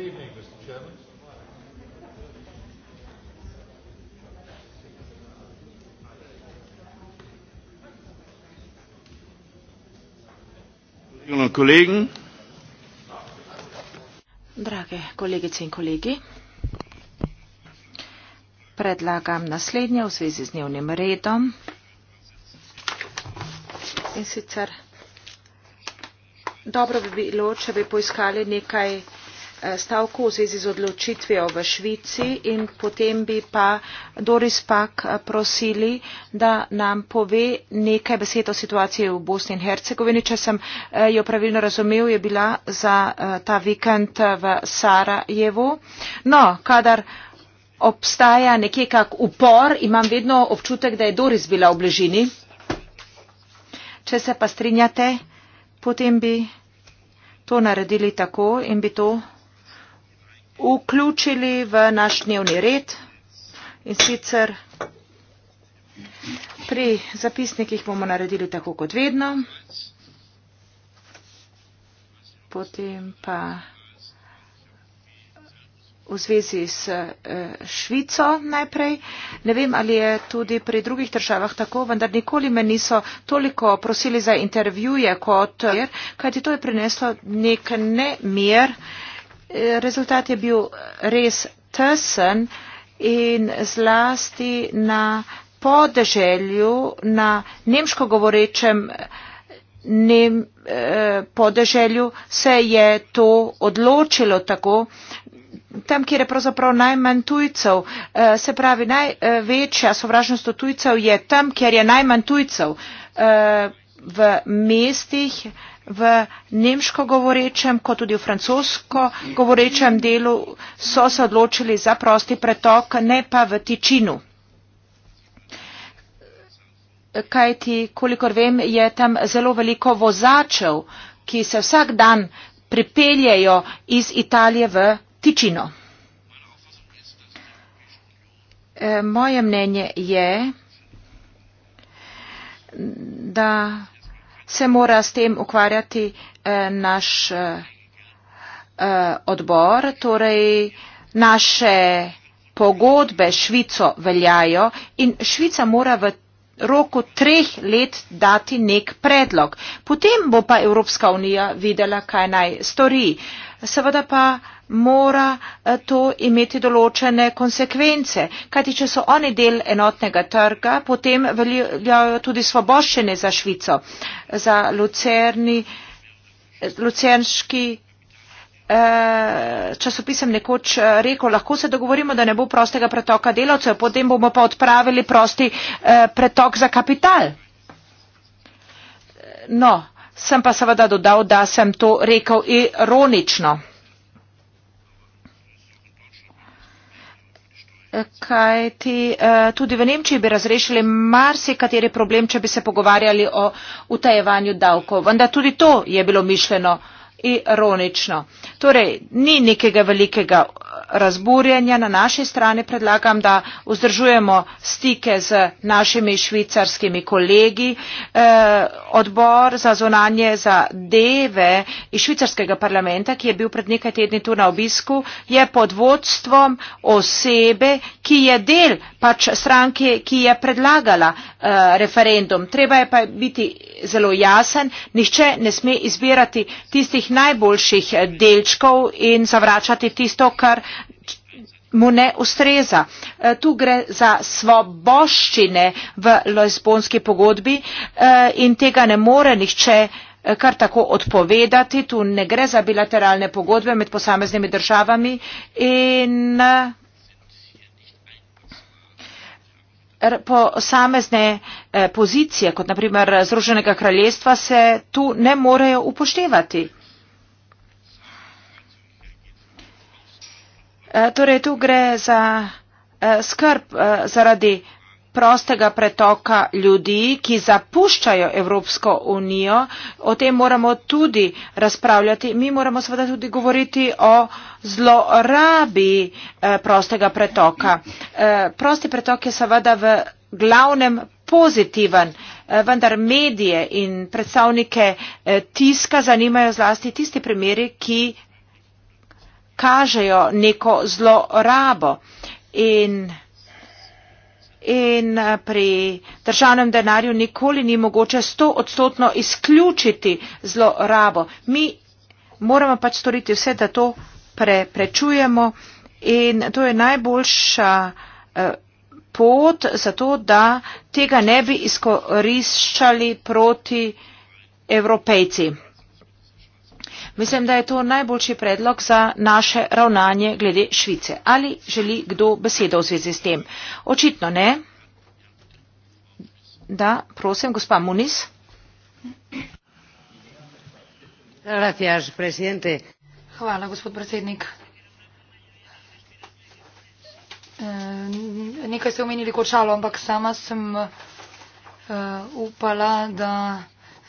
evening, Mr. Chairman. Kolegin in kolegin. Drage kolegice in kolegi, predlagam naslednje v zvezi z dnevnim redom. In sicer dobro bi bilo, če bi poiskali nekaj Eh, stavku v zvezi z odločitvijo v Švici in potem bi pa Doris Pak eh, prosili, da nam pove nekaj besed o situaciji v Bosni in Hercegovini. Če sem eh, jo pravilno razumel, je bila za ta vikend v Sarajevu. No, kadar obstaja nekje kak upor, imam vedno občutek, da je Doris bila v bližini. Če se pa strinjate, potem bi to naredili tako in bi to vključili v naš dnevni red in sicer pri zapisnikih bomo naredili tako kot vedno, potem pa v zvezi s eh, Švico najprej. Ne vem, ali je tudi pri drugih državah tako, vendar nikoli me niso toliko prosili za intervjuje kot, kajti to je prineslo nek nemir. mir. Rezultat je bil res tesen in zlasti na podeželju, na nemško govorečem nem, eh, podeželju se je to odločilo tako, tam, kjer je pravzaprav najmanj tujcev, eh, se pravi, največja sovražnost od tujcev je tam, kjer je najmanj tujcev eh, v mestih, v nemško govorečem kot tudi v francosko govorečem delu so se odločili za prosti pretok, ne pa v tičinu. Kajti, kolikor vem, je tam zelo veliko vozačev, ki se vsak dan pripeljejo iz Italije v tičino. E, moje mnenje je, da se mora s tem ukvarjati eh, naš eh, eh, odbor, torej naše pogodbe Švico veljajo in Švica mora v roku treh let dati nek predlog. Potem bo pa Evropska unija videla, kaj naj stori. Uh, seveda pa mora eh, to imeti določene konsekvence. Kajti, če so oni del enotnega trga, potem veljajo tudi svoboščene za Švico, za lucerni, lucernški. Eh, časopisem nekoč eh, rekel, lahko se dogovorimo, da ne bo prostega pretoka delavcev, potem bomo pa odpravili prosti pretok za kapital. No, Sem pa seveda dodal, da sem to rekel ironično. Kaj ti eh, tudi v Nemčiji bi razrešili marsikateri problem, če bi se pogovarjali o utajevanju davkov. Vendar tudi to je bilo mišljeno ironično. Torej, ni nekega velikega razburjenja na naši strani predlagam, da vzdržujemo stike z našimi švicarskimi kolegi. Eh, odbor za zonanje za deve iz švicarskega parlamenta, ki je bil pred nekaj tedni tu na obisku, je pod vodstvom osebe, ki je del pač stranki, ki je predlagala uh, referendum. Treba je pa biti zelo jasen, nihče ne sme izbirati tistih najboljših eh, delčkov in zavračati tisto, kar mu ne ustreza. Eh, tu gre za svoboščine v Lisbonski pogodbi in tega ne more nihče kar tako odpovedati. Tu ne gre za bilateralne pogodbe med posameznimi državami in posamezne eh, pozicije, kot naprimer Združenega kraljestva, se tu ne morejo upoštevati. Eh, torej, tu gre za eh, skrb zaradi prostega pretoka ljudi, ki zapuščajo Evropsko unijo, o tem moramo tudi razpravljati. Mi moramo seveda tudi govoriti o zlorabi eh, prostega pretoka. Eh, prosti pretok je seveda v glavnem pozitiven, eh, vendar medije in predstavnike tiska zanimajo zlasti tisti primeri, ki kažejo neko zlorabo. In in eh, pri državnem denarju nikoli ni mogoče stoodstotno izključiti zlorabo. Mi moramo pač storiti vse, da to preprečujemo in to je najboljša eh, pot za to, da tega ne bi izkoriščali proti evropejci. Mislim, da je to najboljši predlog za naše ravnanje glede Švice. Ali želi kdo besedo v zvezi s tem? Očitno ne. Da, prosim, gospa Muniz. Hvala, gospod predsednik. Eh, nekaj ste omenili kot šalo, ampak sama sem eh, upala, da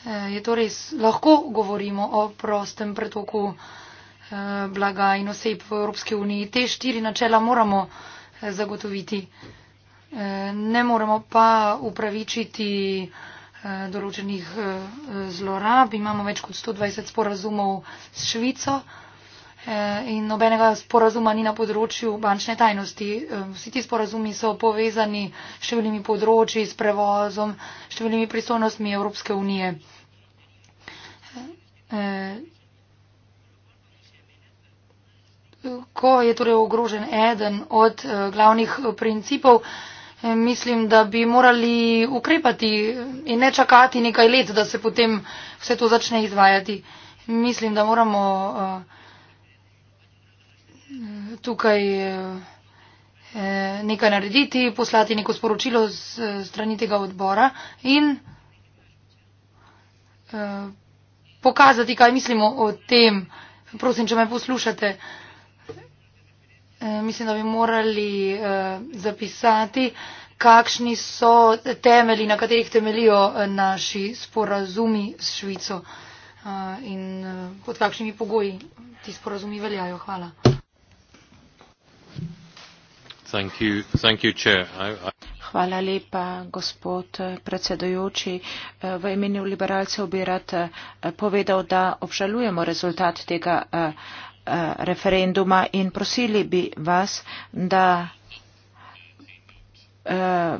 Eh, je to res? Lahko govorimo o prostem pretoku eh, blaga in oseb v Evropski uniji. Te štiri načela moramo eh, zagotoviti. Ne moremo pa upravičiti določenih zlorab. Imamo več kot 120 sporazumov s Švico. Eh, in nobenega sporazuma ni na področju bančne tajnosti. Eh, vsi ti sporazumi so povezani s številnimi področji, s prevozom, s številnimi pristojnostmi Evropske unije. Eh, ko je torej ogrožen eden od glavnih principov, mislim, da bi morali ukrepati in ne čakati nekaj let, da se potem vse to začne izvajati. Mislim, da moramo uh, tukaj eh, nekaj narediti, poslati neko sporočilo z eh, strani tega odbora in eh, pokazati, kaj mislimo o tem. Prosim, če me poslušate, mislim, da bi morali zapisati, kakšni so temeli, na katerih temelijo naši sporazumi s Švico in pod kakšnimi pogoji ti sporazumi veljajo. Hvala. Thank you. Thank you, chair. I, I... Hvala lepa, gospod predsedujoči. V imenu liberalcev bi rad eh, povedal, da obžalujemo rezultat tega eh, eh, referenduma in prosili bi vas, da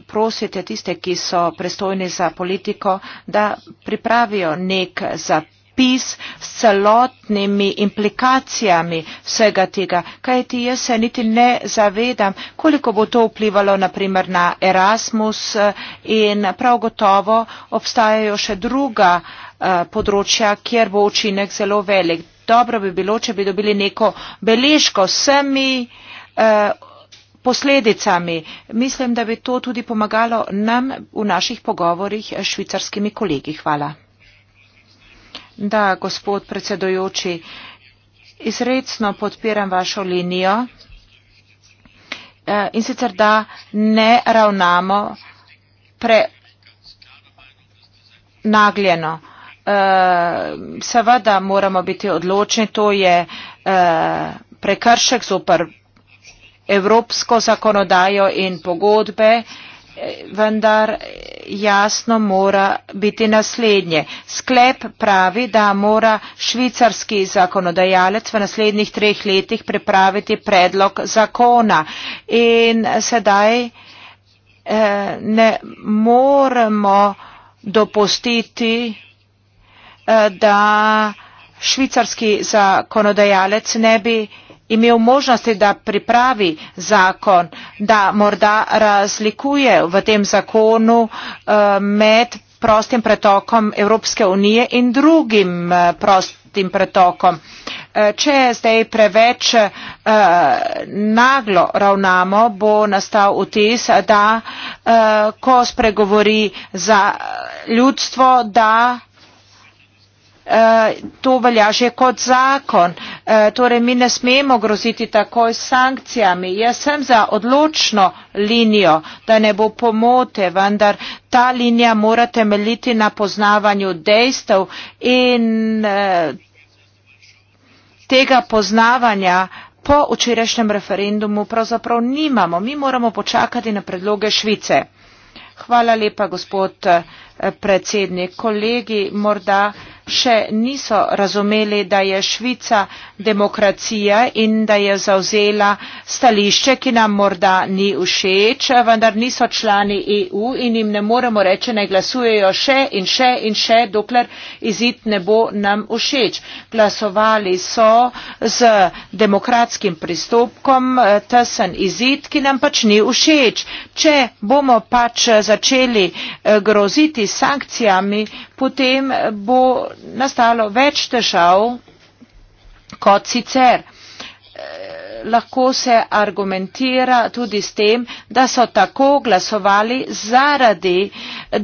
prosite tiste, ki so pristojni za politiko, da pripravijo nek zapis spis s celotnimi implikacijami vsega tega, kajti jaz se niti ne zavedam, koliko bo to vplivalo naprimer na Erasmus eh, in prav gotovo obstajajo še druga eh, področja, kjer bo učinek zelo velik. Dobro bi bilo, če bi dobili neko beležko vsemi eh, posledicami. Mislim, da bi to tudi pomagalo nam v naših pogovorih s švicarskimi kolegi. Hvala. Da, gospod predsedujoči, izredno podpiram vašo linijo eh, in sicer da ne ravnamo prenagljeno. Eh, seveda moramo biti odločni, to je eh, prekršek zopr evropsko zakonodajo in pogodbe vendar jasno mora biti naslednje. Sklep pravi, da mora švicarski zakonodajalec v naslednjih treh letih pripraviti predlog zakona in sedaj eh, ne moremo dopustiti, eh, da švicarski zakonodajalec ne bi imel možnosti, da pripravi zakon, da morda razlikuje v tem zakonu eh, med prostim pretokom Evropske unije in drugim eh, prostim pretokom. Eh, če zdaj preveč naglo ravnamo, bo nastal vtis, da ko spregovori za ljudstvo, da Eh, to velja že kot zakon eh, torej mi ne smemo groziti takoj s sankcijami jaz sem za odločno linijo da ne bo pomote vendar ta linija mora temeljiti na poznavanju dejstev in eh, tega poznavanja po včerajšnjem referendumu pravzaprav nimamo mi moramo počakati na predloge švice hvala lepa gospod predsednik kolegi morda še niso razumeli, da je Švica demokracija in da je zauzela stališče, ki nam morda ni všeč, vendar niso člani EU in jim ne moremo reči, naj glasujejo še in še in še, dokler izid ne bo nam všeč. Glasovali so z demokratskim pristopkom eh, tesen izid, ki nam pač ni všeč. Če bomo pač eh, začeli eh, groziti sankcijami, potem bo nastalo več težav kot sicer. Eh, lahko se argumentira tudi s tem, da so tako glasovali zaradi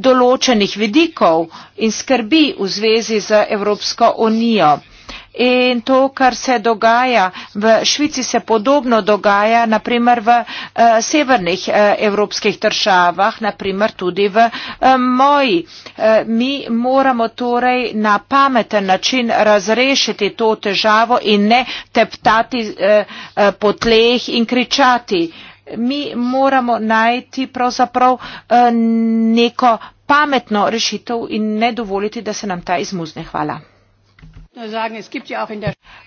določenih vidikov in skrbi v zvezi z Evropsko unijo in to, kar se dogaja v Švici, se podobno dogaja naprimer v eh, severnih eh, evropskih državah, naprimer tudi v eh, moji. Mi moramo torej na pameten način razrešiti to težavo in ne teptati po tleh in kričati. Mi moramo najti pravzaprav neko pametno rešitev in ne dovoliti, da se nam ta izmuzne. Hvala. Ja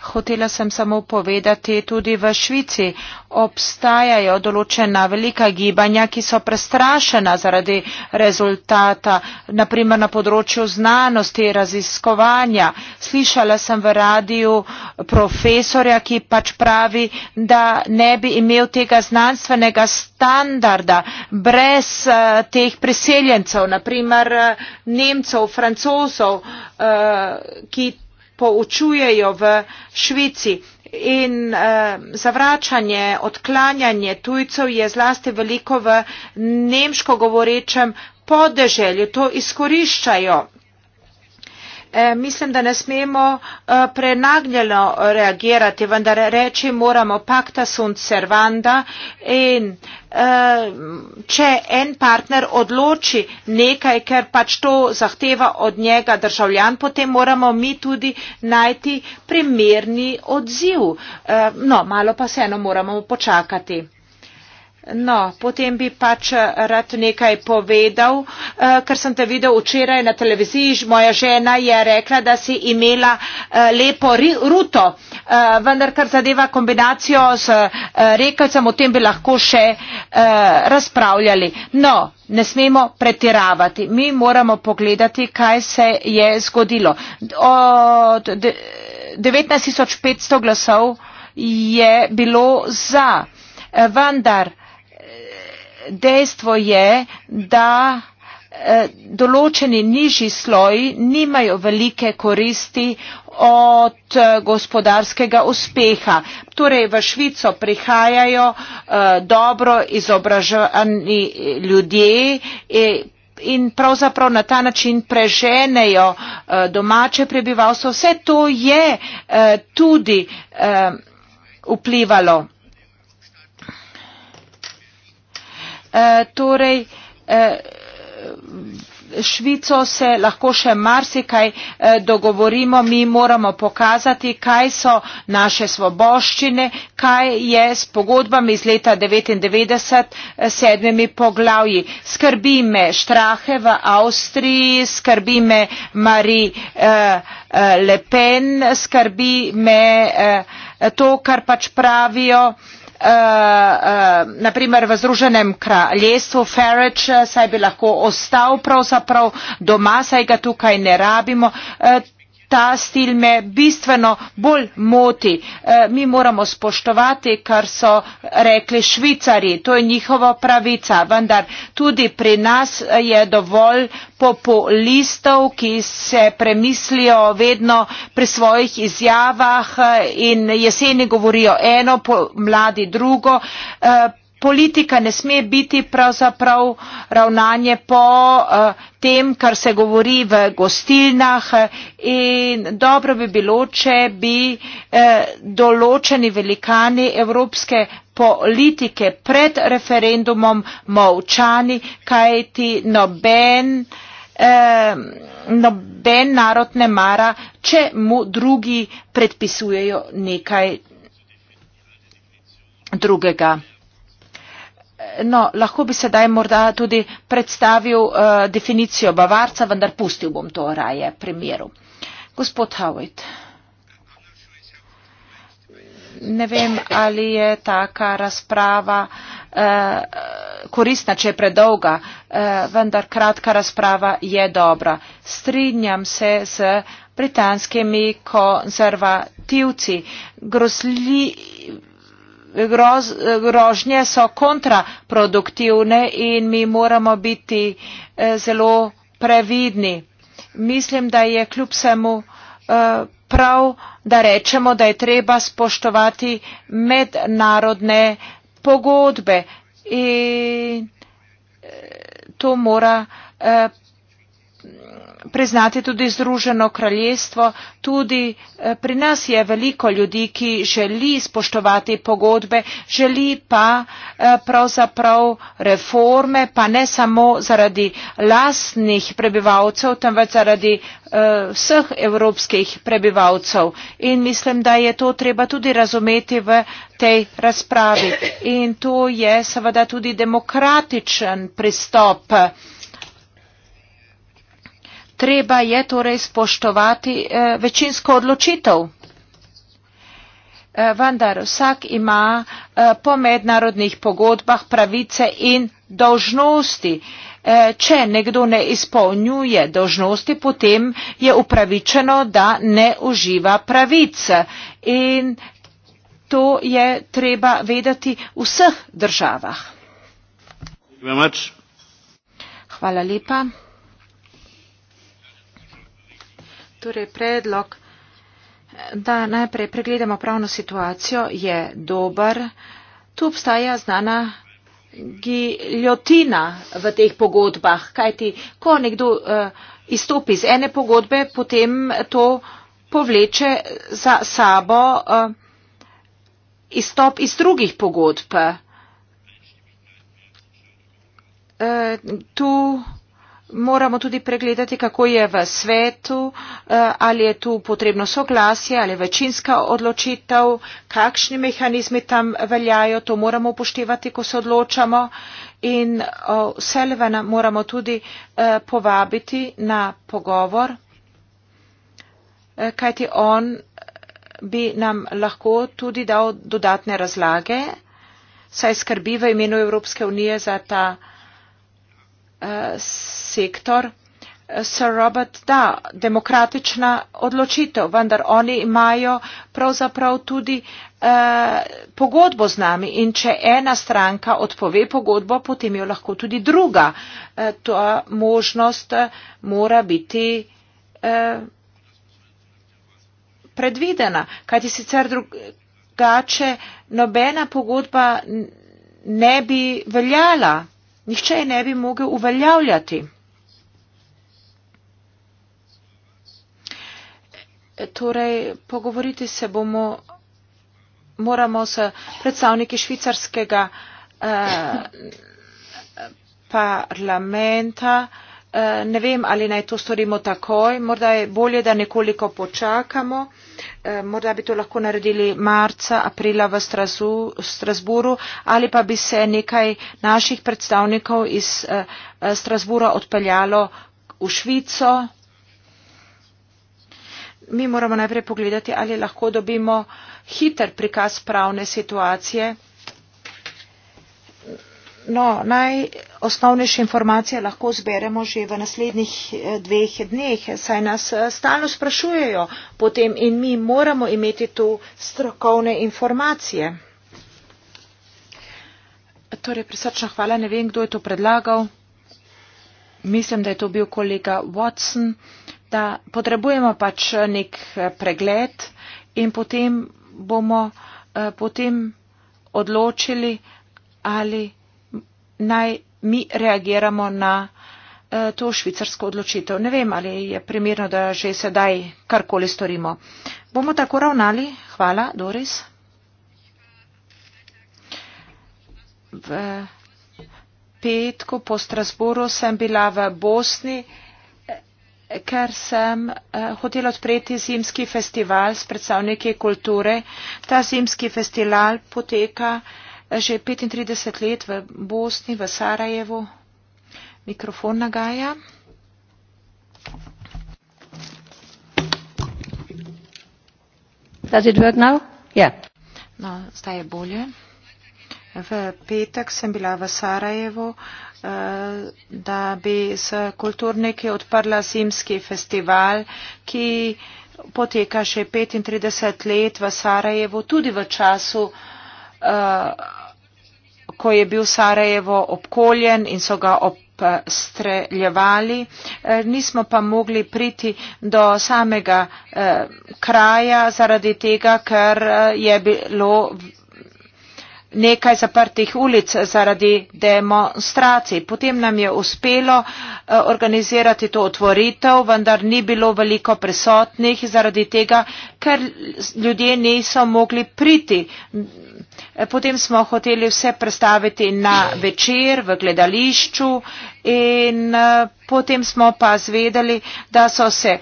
Hotela sem samo povedati, tudi v Švici obstajajo določena velika gibanja, ki so prestrašena zaradi rezultata, naprimer na področju znanosti, raziskovanja. Slišala sem v radiju profesorja, ki pač pravi, da ne bi imel tega znanstvenega standarda brez uh, teh priseljencev, naprimer uh, eh, Nemcev, Francozov, uh, ki poučujejo v Švici. In eh, zavračanje, odklanjanje tujcev je zlasti veliko v nemško govorečem podeželju. To izkoriščajo E, mislim, da ne smemo e, prenagljeno reagirati, vendar reči moramo pakta sunt servanda in e, če en partner odloči nekaj, ker pač to zahteva od njega državljan, potem moramo mi tudi najti primerni odziv. No, malo pa se eno moramo počakati. No, potem bi pač eh, rad nekaj povedal, eh, ker sem te videl včeraj na televiziji. Moja žena je rekla, da si imela eh, lepo ruto, vendar kar zadeva kombinacijo z rekajcem, o tem bi lahko še razpravljali. No, ne smemo pretiravati. Mi moramo pogledati, kaj se je zgodilo. Od 19.500 glasov je bilo za. Vendar dejstvo je da eh, določeni nižji sloji nimajo velike koristi od eh, gospodarskega uspeha. Torej v Švico prihajajo eh, dobro izobraženi ljudje in pravzaprav na ta način preženejo domače prebivalstvo. Vse to je tudi vplivalo. Eh, torej eh, Švico se lahko še marsikaj eh, dogovorimo, mi moramo pokazati, kaj so naše svoboščine, kaj je s pogodbami iz leta 99 sedmimi poglavji. Skrbi me Štrahe v Avstriji, skrbi me Marie Le Pen, skrbi me to, kar pač pravijo Eh, eh, na primer v združenem kraljestvu farage eh, saj bi lahko ostal pravzaprav doma saj ga tukaj ne rabimo ta stil me bistveno bolj moti. Eh, mi moramo spoštovati, kar so rekli švicari, to je njihova pravica, vendar tudi pri nas je dovolj populistov, ki se premislijo vedno pri svojih izjavah eh, in jeseni govorijo eno, mladi drugo. Eh, politika ne sme biti pravzaprav ravnanje po eh, tem, kar se govori v gostilnah eh, in dobro bi bilo, če bi eh, določeni velikani evropske politike pred referendumom molčani, kaj ti noben, noben narod ne mara, če mu drugi predpisujejo nekaj drugega no lahko bi sedaj morda tudi predstavil uh, definicijo bavarca, vendar pustil bom to raje pri miru. Gospod Howitt. Ne vem, ali je taka razprava eh, koristna, če je predolga, eh, vendar kratka razprava je dobra. Strinjam se z britanskimi konzervativci. Grozljiv grožnje so kontraproduktivne in mi moramo biti eh, zelo previdni. Mislim, da je kljub vsemu eh, prav, da rečemo, da je treba spoštovati mednarodne pogodbe in eh, to mora priznati tudi Združeno kraljestvo, tudi eh, pri nas je veliko ljudi, ki želi spoštovati pogodbe, želi pa eh, pravzaprav reforme, pa ne samo zaradi lastnih prebivalcev, temveč zaradi eh, vseh evropskih prebivalcev. In mislim, da je to treba tudi razumeti v tej razpravi. In to je seveda tudi demokratičen pristop treba je torej spoštovati eh, večinsko odločitev. Eh, vendar vsak ima eh, po mednarodnih pogodbah pravice in dožnosti. Če nekdo ne izpolnjuje dožnosti, potem je upravičeno, da ne uživa pravice. In to je treba vedeti v vseh državah. Hvala lepa. Torej, predlog, da najprej pregledamo pravno situacijo, je dober. Tu obstaja znana giljotina v teh pogodbah, kajti ko nekdo uh, izstopi iz ene pogodbe, potem to povleče za sabo uh, izstop iz drugih pogodb. Uh, tu moramo tudi pregledati, kako je v svetu, eh, ali je tu potrebno soglasje, ali je večinska odločitev, kakšni mehanizmi tam veljajo, to moramo upoštevati, ko se odločamo in vse levena moramo tudi eh, povabiti na pogovor, eh, kajti on bi nam lahko tudi dal dodatne razlage, saj skrbi v imenu Evropske unije za ta pogovor. Eh, sektor. Eh, Sir Robert, da, demokratična odločitev, vendar oni imajo pravzaprav tudi eh, pogodbo z nami in če ena stranka odpove pogodbo, potem jo lahko tudi druga. Eh, to možnost eh, mora biti eh, predvidena, kajti sicer drugače nobena pogodba ne bi veljala nihče je ne bi mogel uveljavljati. Torej, pogovoriti se bomo, moramo s predstavniki švicarskega eh, parlamenta. Eh, Eh, ne vem ali naj to storimo takoj morda je bolje da nekoliko počakamo eh, morda bi to lahko naredili marca aprila v strasburu ali pa bi se nekaj naših predstavnikov iz eh, strasbura odpeljalo v švico mi moramo najprej pogledati ali lahko dobimo hiter prikaz pravne situacije No, najosnovnejše informacije lahko zberemo že v naslednjih eh, dveh dneh, saj nas eh, stalno sprašujejo potem in mi moramo imeti tu strokovne informacije. Torej, prisrčna hvala, ne vem, kdo je to predlagal. Mislim, da je to bil kolega Watson, da potrebujemo pač eh, nek pregled in potem bomo eh, potem odločili ali naj mi reagiramo na eh, to švicarsko odločitev. Ne vem, ali je primerno, da že sedaj karkoli storimo. Bomo tako ravnali. Hvala, Doris. V petku po Strasboru sem bila v Bosni, eh, ker sem eh, hotela odpreti zimski festival s predstavniki kulture. Ta zimski festival poteka že 35 let v Bosni, v Sarajevu. Mikrofon nagaja. Does it work now? Yeah. No, zdaj je bolje. V petek sem bila v Sarajevu, eh, da bi s kulturniki odprla zimski festival, ki poteka še 35 let v Sarajevu, tudi v času Eh, ko je bil Sarajevo obkoljen in so ga obstreljevali. Eh, nismo pa mogli priti do samega eh, kraja zaradi tega, ker je bilo nekaj zaprtih ulic zaradi demonstracij. Potem nam je uspelo organizirati to otvoritev, vendar ni bilo veliko prisotnih zaradi tega, ker ljudje niso mogli priti Potem smo hoteli vse prestaviti na večer v gledališču, in eh, potem smo pa zvedeli, da so se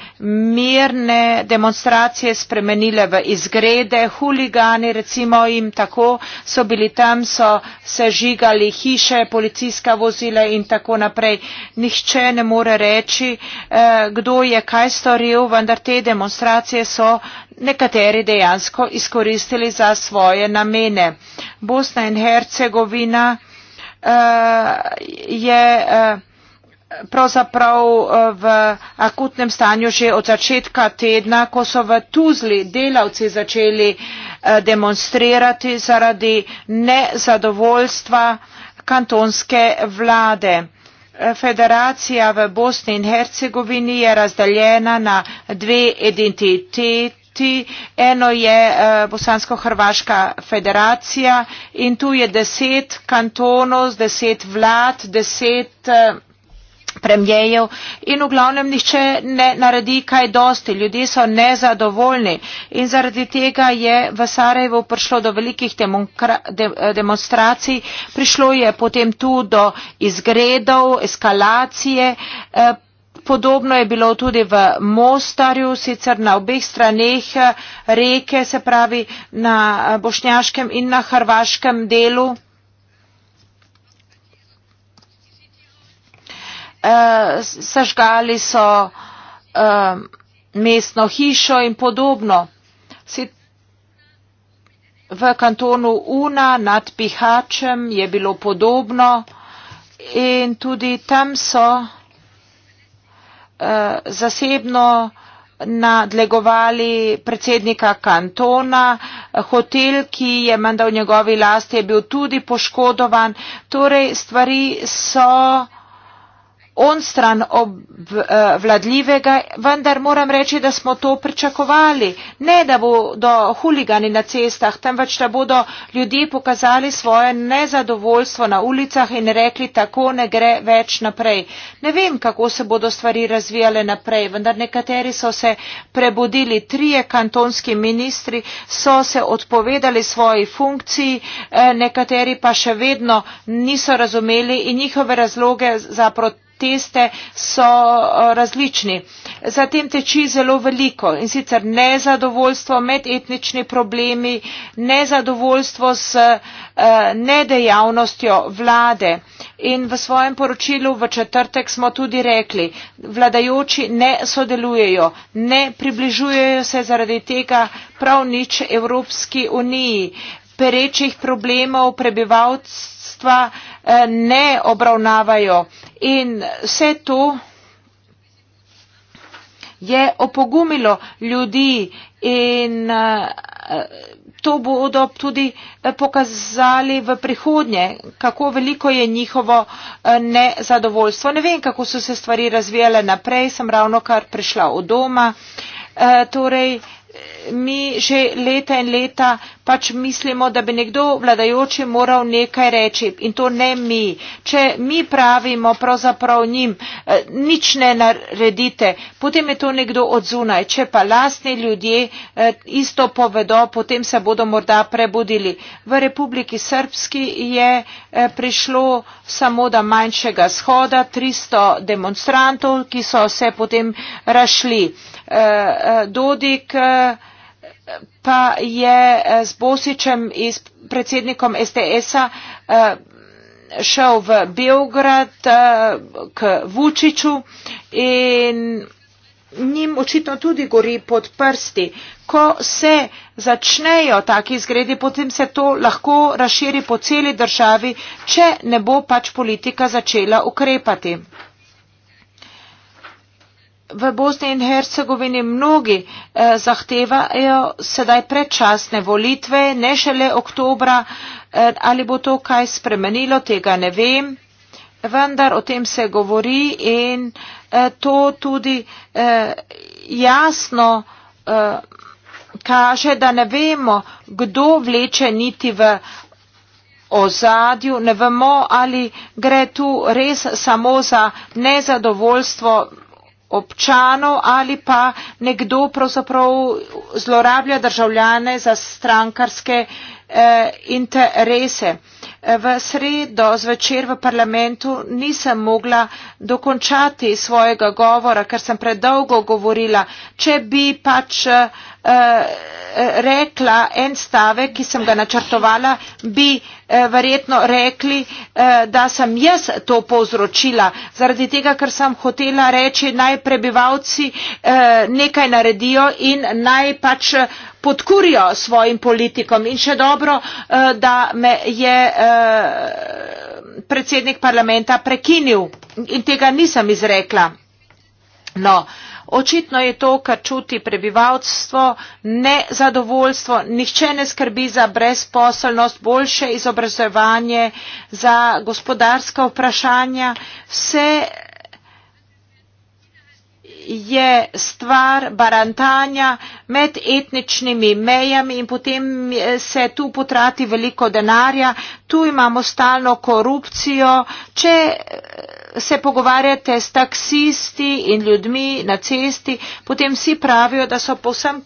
mirne demonstracije spremenile v izgrede, huligani recimo jim tako so bili tam, so se žigali hiše, policijska vozila in tako naprej. Nihče ne more reči, eh, kdo je kaj storil, vendar te demonstracije so nekateri dejansko izkoristili za svoje namene. Bosna in Hercegovina Eh, je eh, pravzaprav eh, v akutnem stanju že od začetka tedna, ko so v Tuzli delavci začeli demonstrirati zaradi nezadovoljstva kantonske vlade. Federacija v Bosni in Hercegovini je razdeljena na dve identitete poti eno je eh, bosansko hrvaška federacija in tu je deset kantonov deset vlad deset eh, premijejev in v glavnem nihče ne naredi kaj dosti ljudje so nezadovoljni in zaradi tega je v sarajevu prišlo do velikih de demonstracij prišlo je potem tu do izgredov eskalacije eh, podobno je bilo tudi v Mostarju, sicer na obeh straneh eh, reke, se pravi na eh, bošnjaškem in na hrvaškem delu. Eh, Sažgali so mestno hišo in podobno. V kantonu Una nad Pihačem je bilo podobno in tudi tam so. Eh, zasebno nadlegovali predsednika kantona, hotel, ki je menda v njegovi lasti, je bil tudi poškodovan. Torej, stvari so on stran obvladljivega, vendar moram reči, da smo to pričakovali. Ne, da bodo huligani na cestah, temveč, da bodo ljudje pokazali svoje nezadovoljstvo na ulicah in rekli, tako ne gre več naprej. Ne vem, kako se bodo stvari razvijale naprej, vendar nekateri so se prebudili. Trije kantonski ministri so se odpovedali svoji funkciji, eh, nekateri pa še vedno niso razumeli in njihove razloge za protest teste so različni. Zatem teči zelo veliko in sicer nezadovoljstvo med etnični problemi, nezadovoljstvo s e, nedejavnostjo vlade. In v svojem poročilu v četrtek smo tudi rekli, vladajoči ne sodelujejo, ne približujejo se zaradi tega prav nič Evropski uniji. Perečih problemov prebivalstva e, ne obravnavajo in vse to je opogumilo ljudi in eh, to bodo tudi eh, pokazali v prihodnje, kako veliko je njihovo eh, nezadovoljstvo. Ne vem, kako so se stvari razvijale naprej, sem ravno kar prišla od doma. Torej, mi že leta in leta pač mislimo, da bi nekdo vladajoči moral nekaj reči in to ne mi. Če mi pravimo pravzaprav njim, eh, nič ne naredite, potem je to nekdo od zunaj. Če pa lastni ljudje eh, isto povedo, potem se bodo morda prebudili. V Republiki Srpski je eh, prišlo samo da manjšega shoda, 300 demonstrantov, ki so se potem rašli. Dodik eh, pa je eh, z Bosićem i s predsjednikom STS-a eh, šao v Beograd k Vučiću i njim očitno tudi gori pod prsti. Ko se začnejo taki zgredi, potem se to lahko razširi po celi državi, če ne bo pač politika začela ukrepati v Bosni in Hercegovini mnogi eh, zahtevajo sedaj predčasne volitve, ne šele oktobra, eh, ali bo to kaj spremenilo, tega ne vem. Vendar o tem se govori in eh, to tudi eh, jasno eh, kaže, da ne vemo, kdo vleče niti v ozadju, ne vemo, ali gre tu res samo za nezadovoljstvo občanov ali pa nekdo pravzaprav zlorablja državljane za strankarske eh, interese. V sredo zvečer v parlamentu nisem mogla dokončati svojega govora, ker sem predolgo govorila. Če bi pač uh, rekla en stavek, ki sem ga načrtovala, bi uh, verjetno rekli, uh, da sem jaz to povzročila. Zaradi tega, ker sem hotela reči, naj prebivalci uh, nekaj naredijo in naj pač. Uh, podkurijo svojim politikom in še dobro eh, da me je eh, predsednik parlamenta prekinil in tega nisem izrekla no očitno je to kar čuti prebivalstvo nezadovoljstvo nihče ne skrbi za brezposelnost boljše izobraževanje za gospodarska vprašanja vse je stvar barantanja med etničnimi mejami in potem eh, se tu potrati veliko denarja. Tu imamo stalno korupcijo. Če eh, se pogovarjate s taksisti in ljudmi na cesti, potem vsi pravijo, da so povsem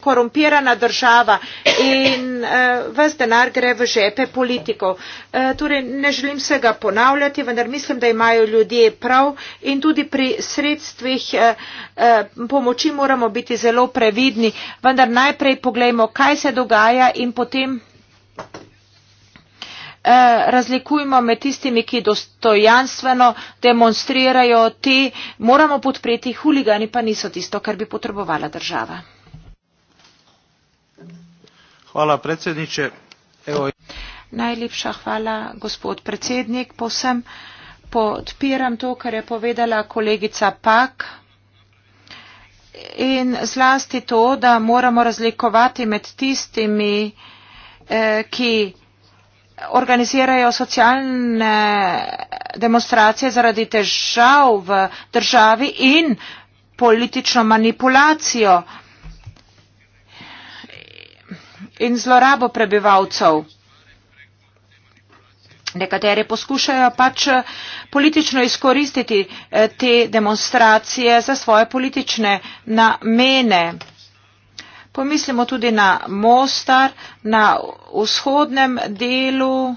korumpirana država in uh, ves denar gre v žepe politikov. Uh, torej, ne želim se ga ponavljati, vendar mislim, da imajo ljudje prav in tudi pri sredstvih uh, uh, pomoči moramo biti zelo previdni, vendar najprej poglejmo, kaj se dogaja in potem razlikujemo med tistimi, ki dostojanstveno demonstrirajo te, moramo podpreti huligani, pa niso tisto, kar bi potrebovala država. Hvala, predsednice. Evo... Najlepša hvala, gospod predsednik. Posem podpiram to, kar je povedala kolegica Pak. In zlasti to, da moramo razlikovati med tistimi, eh, ki organizirajo socialne demonstracije zaradi težav v državi in politično manipulacijo in zlorabo prebivalcev. Nekateri poskušajo pač eh, politično izkoristiti eh, te demonstracije za svoje politične namene. Pomislimo tudi na Mostar, na vzhodnem delu.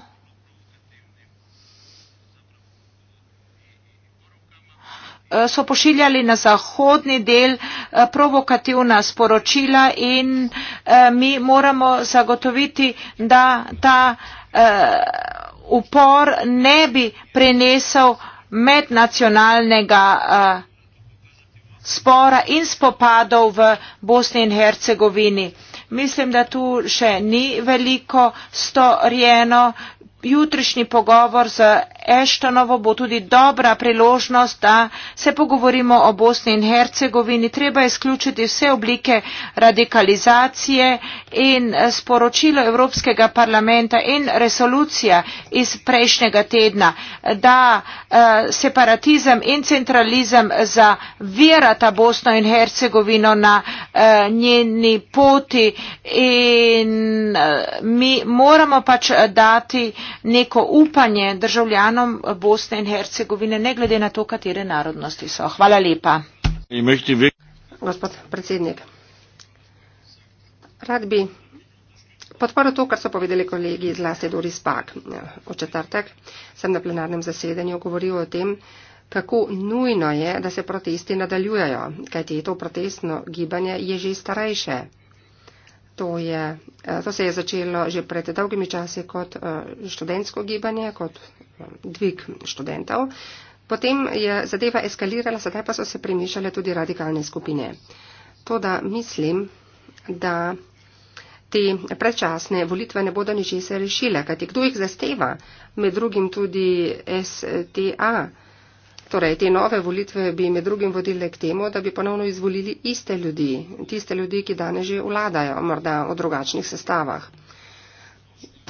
Eh, so pošiljali na zahodni del eh, provokativna sporočila in eh, mi moramo zagotoviti, da ta upor ne bi prenesel mednacionalnega spora in spopadov v Bosni in Hercegovini. Mislim, da tu še ni veliko storjeno. Jutrišnji pogovor z Ashtonovo bo tudi dobra priložnost, da se pogovorimo o Bosni in Hercegovini. Treba je izključiti vse oblike radikalizacije in eh, sporočilo Evropskega parlamenta in resolucija iz prejšnjega tedna, eh, da eh, separatizem in centralizem zavirata Bosno in Hercegovino na njeni poti in mi moramo pač dati neko upanje državljanom, državljanom Bosne in Hercegovine, ne glede na to, katere narodnosti so. Hvala lepa. Gospod predsednik, rad bi podporil to, kar so povedali kolegi iz Lase Doris Pak. V četrtek sem na plenarnem zasedanju govoril o tem, kako nujno je, da se protesti nadaljujejo, kajti to protestno gibanje je že starejše. To, je, eh, to se je začelo že pred dolgimi časi kot eh, študentsko gibanje, kot eh, dvig študentov. Potem je zadeva eskalirala, sedaj pa so se premišljale tudi radikalne skupine. To, da mislim, da te predčasne volitve ne bodo ničesar rešile, kajti kdo jih zasteva, med drugim tudi STA. Torej, te nove volitve bi med drugim vodile k temu, da bi ponovno izvolili iste ljudi, tiste ljudi, ki danes že vladajo, morda v drugačnih sestavah.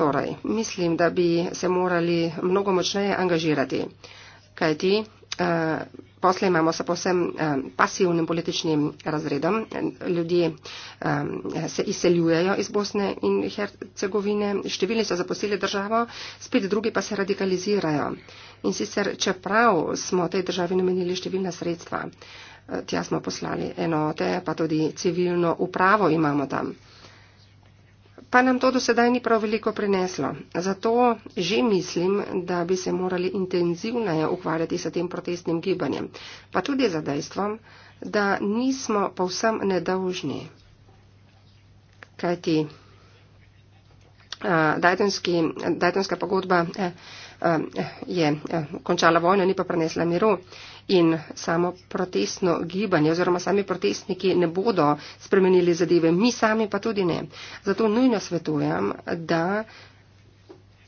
Torej, mislim, da bi se morali mnogo močneje angažirati, kajti uh, posle imamo s posem eh, pasivnim političnim razredom. Ljudje eh, se izseljujejo iz Bosne in Hercegovine, številni so zaposlili državo, spet drugi pa se radikalizirajo. In sicer, čeprav smo tej državi namenili številna sredstva, eh, tja smo poslali enote, pa tudi civilno upravo imamo tam pa nam to do sedaj ni prav veliko prineslo. Zato že mislim, da bi se morali intenzivneje ukvarjati s tem protestnim gibanjem, pa tudi za dejstvom, da nismo povsem nedolžni. Kajti Dajtonska pogodba eh, eh, je eh, končala vojno, ni pa prenesla miru in samo protestno gibanje oziroma sami protestniki ne bodo spremenili zadeve, mi sami pa tudi ne. Zato nujno svetujem, da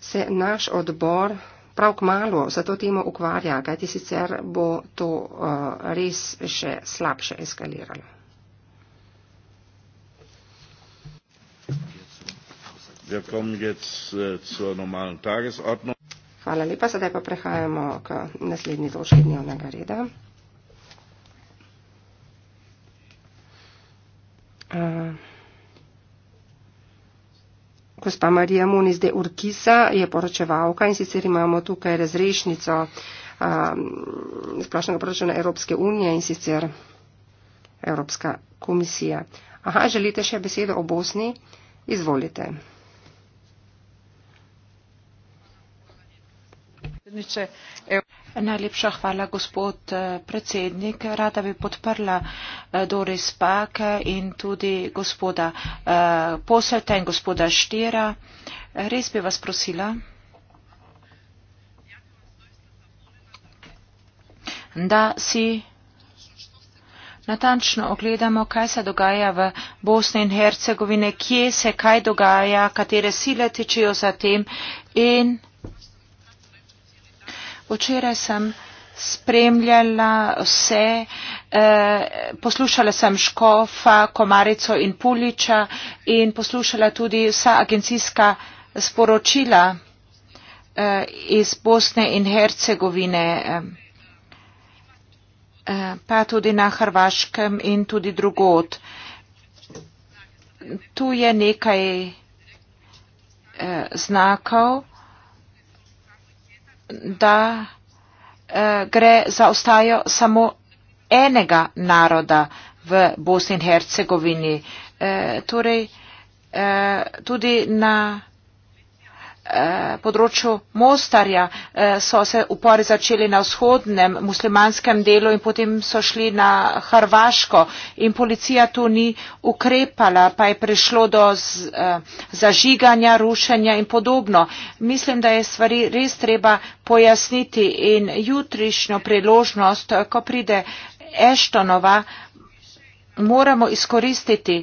se naš odbor prav k malu za to temo ukvarja, kajti sicer bo to uh, res še slabše eskaliralo. Wir kommen jetzt äh, zur normalen Tagesordnung. Hvala lepa. Sedaj pa prehajamo k naslednji točki dnevnega reda. Uh, gospa Marija Muniz de Urkisa je poročevalka in sicer imamo tukaj razrešnico uh, splošnega proračuna Evropske unije in sicer Evropska komisija. Aha, želite še besedo o Bosni? Izvolite. Najlepša hvala, gospod eh, predsednik. Rada bi podprla eh, Doris Pak in tudi gospoda eh, Poselta in gospoda Štira. Res bi vas prosila. da si natančno ogledamo, kaj se dogaja v Bosni in Hercegovini, kje se kaj dogaja, katere sile tečejo za tem in včeraj sem spremljala vse, eh, poslušala sem Škofa, Komarico in Puliča in poslušala tudi vsa agencijska sporočila eh, iz Bosne in Hercegovine, eh, pa tudi na Hrvaškem in tudi drugot. Tu je nekaj znakov da eh, gre za ostajo samo enega naroda v Bosni in Hercegovini. Eh, torej, eh, tudi na. Eh, področju mostarja eh, so se upori začeli na vzhodnem muslimanskem delu in potem so šli na hrvaško in policija tu ni ukrepala pa je prišlo do eh, zažiganja rušenja in podobno mislim da je stvari res treba pojasniti in jutrišnjo priložnost ko pride eštonova moramo izkoristiti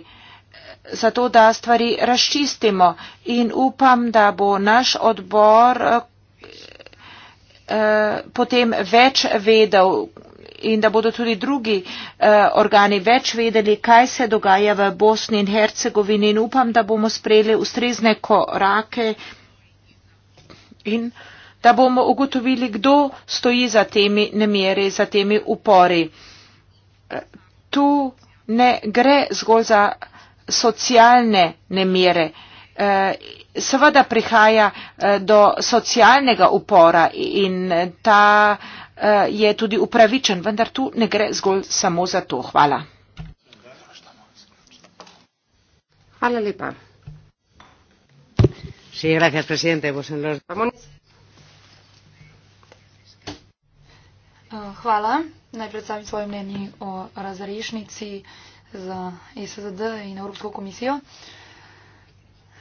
zato da stvari razčistimo in upam, da bo naš odbor eh, eh, potem več vedel in da bodo tudi drugi eh, organi več vedeli, kaj se dogaja v Bosni in Hercegovini in upam, da bomo sprejeli ustrezne korake in da bomo ugotovili, kdo stoji za temi nemiri, za temi upori. Tu ne gre zgolj za socialne nemire. Eh, seveda prihaja eh, do socialnega upora in eh, ta je tudi upravičen, vendar tu ne gre zgolj samo za to. Hvala. Hvala lepa. Sí, gracias, presidente. Pues en los... Hvala. Najprej sami svoje mnenje o razrešnici za ESDD in Evropsko komisijo.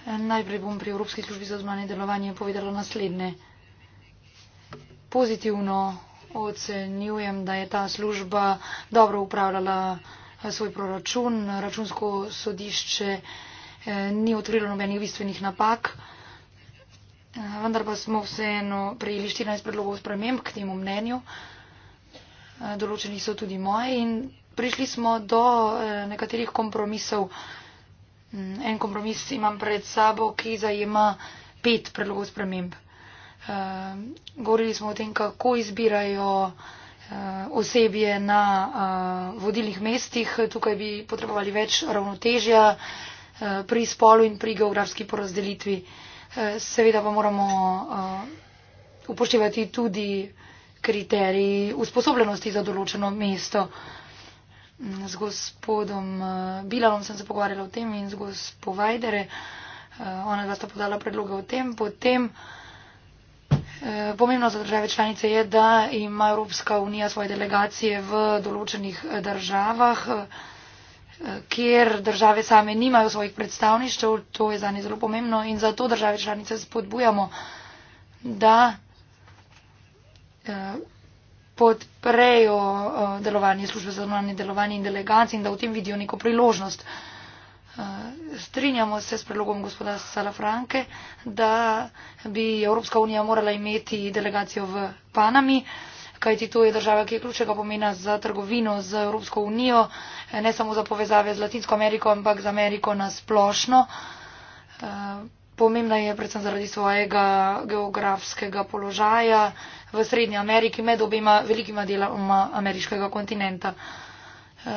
Najprej bom pri Evropski službi za zmanje delovanje povedala naslednje. Pozitivno ocenjujem, da je ta služba dobro upravljala eh, svoj proračun. Računsko sodišče eh, ni otvorilo nobenih bistvenih napak, eh, vendar pa smo vseeno prejeli 14 predlogov sprememb k temu mnenju. Določeni so tudi moje in prišli smo do eh, nekaterih kompromisov. Mm, en kompromis imam pred sabo, ki zajema pet predlogov sprememb. Eh, govorili smo o tem, kako izbirajo eh, osebje na vodilnih mestih. Tukaj bi potrebovali več ravnotežja pri spolu in pri geografski porazdelitvi. Seveda pa moramo upoštevati tudi kriteriji usposobljenosti za določeno mesto. Uh, z gospodom eh, Bilalom sem se pogovarjala o tem in z gospod Vajdere. Eh, Ona dva sta podala predloge o tem. Potem eh, pomembno za države članice je, da ima Evropska unija svoje delegacije v določenih državah, kjer države same nimajo svojih predstavništev. To je za nje zelo pomembno in zato države članice spodbujamo, da podprejo eh, delovanje službe za zunanje delovanje in delegacij in da v tem vidijo neko priložnost. Eh, strinjamo se s predlogom gospoda Salafranke, da bi Evropska unija morala imeti delegacijo v Panami, kajti to je država, ki je ključnega pomena za trgovino z Evropsko unijo, eh, ne samo za povezave z Latinsko Ameriko, ampak z Ameriko na splošno pomembna je predvsem zaradi svojega geografskega položaja v Srednji Ameriki med obema velikima deloma ameriškega kontinenta. E,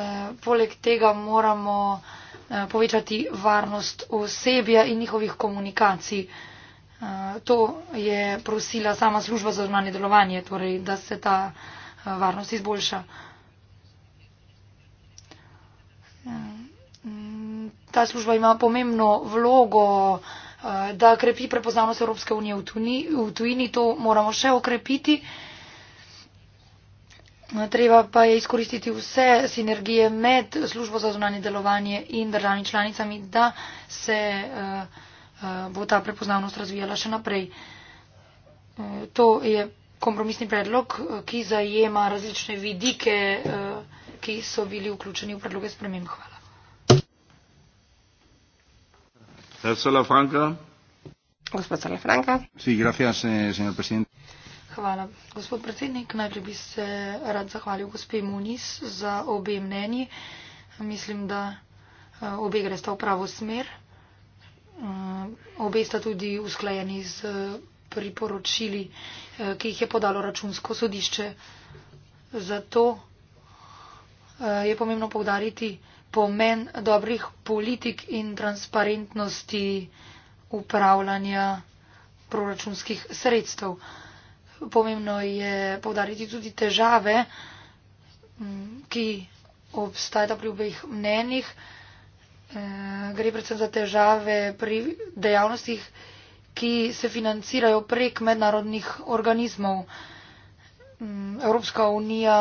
poleg tega moramo e, povečati varnost osebja in njihovih komunikacij. E, to je prosila sama služba za zunanje delovanje, torej, da se ta varnost izboljša. E, ta služba ima pomembno vlogo Eh, da krepi prepoznavnost Evropske unije v tujini, v tujini to moramo še okrepiti. Treba pa je izkoristiti vse sinergije med službo za zunanje delovanje in državnimi članicami, da se uh, uh, bo ta prepoznavnost razvijala še naprej. Uh, to je kompromisni predlog, ki zajema različne vidike, uh, ki so bili vključeni v predloge sprememb. Hvala. Herr Salafranca. Gospod Salafranca. Sí, gracias, eh, señor presidente. Hvala. Gospod predsednik, najprej bi se rad zahvalil gospe Muniz za obe mnenji. Mislim, da eh, obe gre sta v pravo smer. Eh, obe sta tudi usklajeni z priporočili, ki jih je podalo računsko sodišče. Zato je pomembno povdariti, pomen dobrih politik in transparentnosti upravljanja proračunskih sredstev. Pomembno je povdariti tudi težave, ki obstajata pri obeh mnenjih. E, gre predvsem za težave pri dejavnostih, ki se financirajo prek mednarodnih organizmov. Evropska unija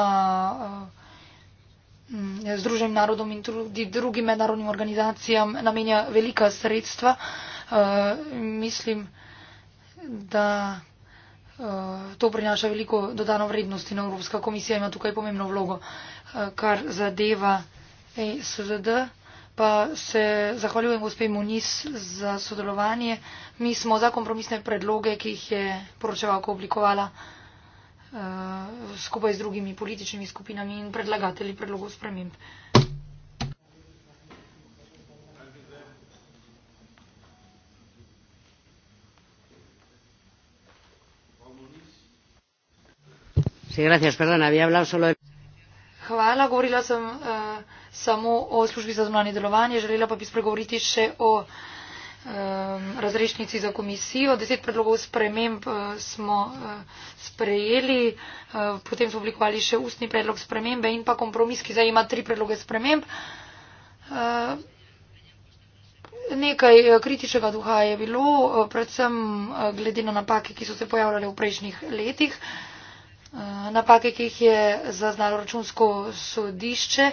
Mm, Združenim narodom in tudi drugim mednarodnim organizacijam namenja velika sredstva. Uh, mislim, da uh, to prinaša veliko dodano vrednost in Evropska komisija ima tukaj pomembno vlogo, uh, kar zadeva e SZD. Pa se zahvaljujem gospe Muniz za sodelovanje. Mi smo za kompromisne predloge, ki jih je poročevalko oblikovala. Eh, skupaj z drugimi političnimi skupinami in predlagateli predlogov sprememb. Hvala, govorila sem uh, samo o službi za zunanje delovanje, želela pa bi spregovoriti še o uh, Um, razrešnici za komisijo. Deset predlogov sprememb uh, smo uh, sprejeli, uh, potem smo oblikovali še ustni predlog spremembe in pa kompromis, ki zajema tri predloge sprememb. Nekaj kritičega duha je bilo, predvsem glede na napake, ki so se pojavljale v prejšnjih letih. Napake, ki jih je zaznalo računsko sodišče.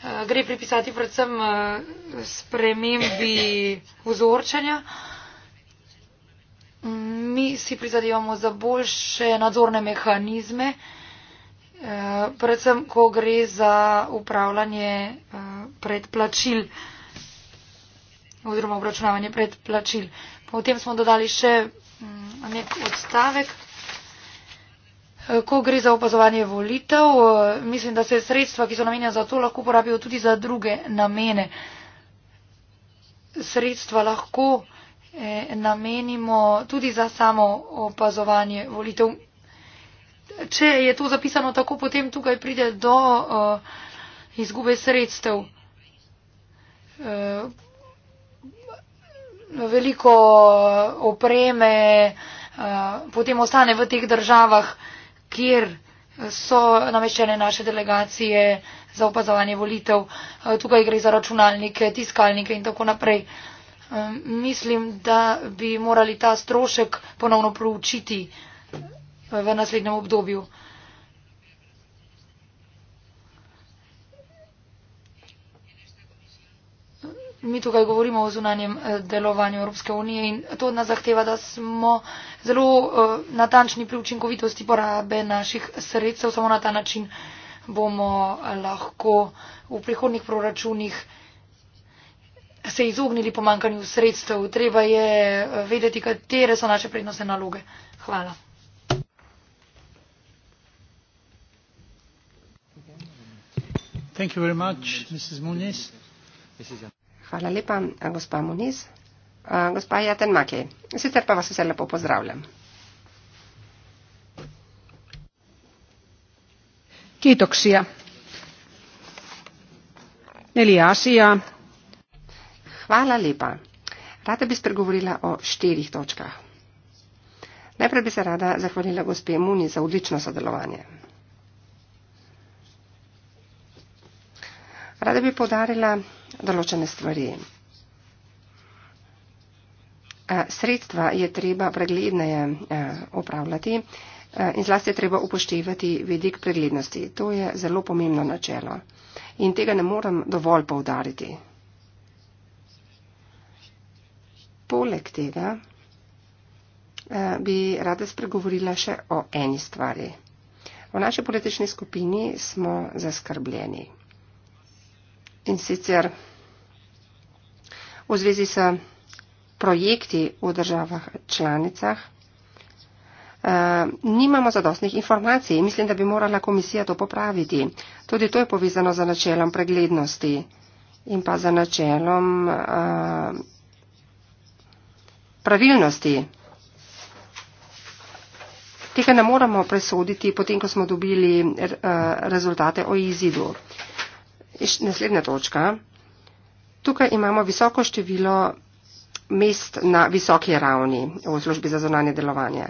Eh, gre pripisati predvsem eh, spremembi vzorčanja. Mi si prizadevamo za boljše nadzorne mehanizme, eh, predvsem, ko gre za upravljanje predplačil oziroma obračunavanje predplačil. Potem smo dodali še mm, nek odstavek ko gre za opazovanje volitev. Mislim, da se sredstva, ki so namenjena za to, lahko porabijo tudi za druge namene. Sredstva lahko eh, namenimo tudi za samo opazovanje volitev. Če je to zapisano tako, potem tukaj pride do uh, izgube sredstev. Uh, veliko opreme uh, potem ostane v teh državah, uh, kjer so nameščene naše delegacije za opazovanje volitev. Eh, tukaj gre za računalnike, tiskalnike in tako naprej. Eh, mislim, da bi morali ta strošek ponovno proučiti eh, v naslednjem obdobju. mi tukaj govorimo o zunanjem eh, delovanju Evropske unije in to od nas zahteva, da smo eh, zelo eh, natančni pri učinkovitosti porabe naših sredstev. Samo na ta način bomo lahko v prihodnih proračunih se izognili pomankanju sredstev. Treba je vedeti, katere so naše prednostne naloge. Hvala. Thank you very much, Mrs. Muniz. Hvala lepa, gospa Muniz. Gospa Jaten Makej, sicer pa vas vse lepo pozdravljam. Kiitoksia. Neli asija. Hvala lepa. Rada bi spregovorila o štirih točkah. Najprej bi se rada zahvalila gospe Muni za odlično sodelovanje. Rada bi podarila določene stvari. Eh, sredstva je treba pregledneje upravljati eh, eh, in zlasti je treba upoštevati vedik preglednosti. To je zelo pomembno načelo in tega ne moram dovolj povdariti. Poleg tega bi rada spregovorila še o eni stvari. V naši politični skupini smo zaskrbljeni. In sicer v zvezi s projekti v državah članicah, eh, nimamo zadostnih informacij. Mislim, da bi morala komisija to popraviti. Tudi to je povezano za načelom preglednosti in pa za načelom eh, pravilnosti. Tega ne moramo presoditi, potem ko smo dobili eh, rezultate o izidu. Naslednja točka. Tukaj imamo visoko število mest na visoki ravni v službi za zonanje delovanje.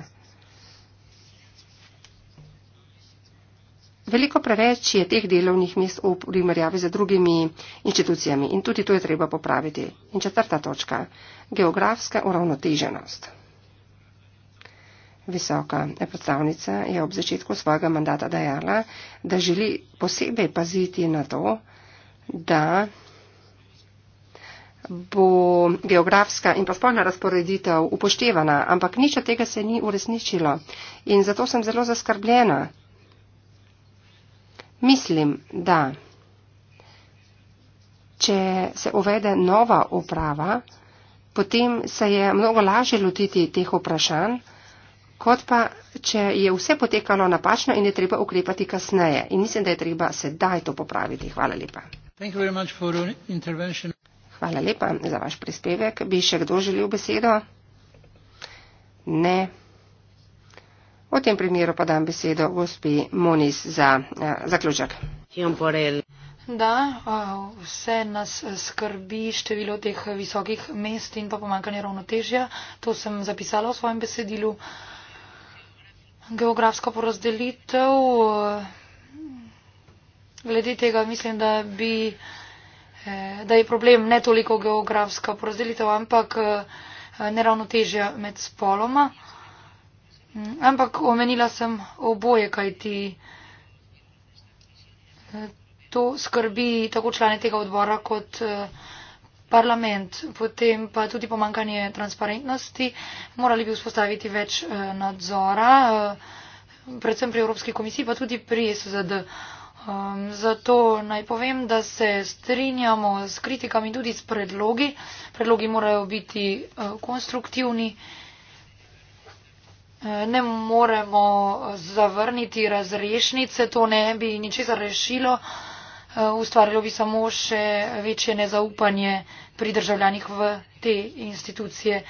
Veliko preveč je teh delovnih mest v primerjavi z drugimi inštitucijami in tudi to je treba popraviti. In četrta točka. Geografska uravnoteženost. Visoka predstavnica je ob začetku svojega mandata dejala, da želi posebej paziti na to, da bo geografska in pa spolna razporeditev upoštevana, ampak nič od tega se ni uresničilo in zato sem zelo zaskrbljena. Mislim, da če se uvede nova uprava, potem se je mnogo lažje lotiti teh vprašanj, kot pa, če je vse potekalo napačno in je treba ukrepati kasneje. In mislim, da je treba sedaj to popraviti. Hvala lepa. Hvala lepa za vaš prispevek. Bi še kdo želil besedo? Ne. V tem primeru pa dam besedo gospi Moniz za uh, zaključek. Da, eh, vse nas skrbi število teh visokih mest in pa pomankanje ravnotežja. To sem zapisala v svojem besedilu. Geografsko porazdelitev glede tega mislim, da, bi, eh, da je problem ne toliko geografska porazdelitev, ampak eh, neravnotežja med spoloma. Mm, ampak omenila sem oboje, kaj ti eh, to skrbi tako člane tega odbora kot parlament. Potem pa tudi pomankanje transparentnosti. Morali bi vzpostaviti več nadzora, predvsem pri Evropski komisiji, pa tudi pri SZD. Um, zato naj povem, da se strinjamo s kritikami tudi s predlogi. Predlogi morajo biti uh, konstruktivni. Uh, ne moremo zavrniti razrešnice, to ne bi ničesar rešilo, uh, ustvarilo bi samo še večje nezaupanje pri državljanih v te institucije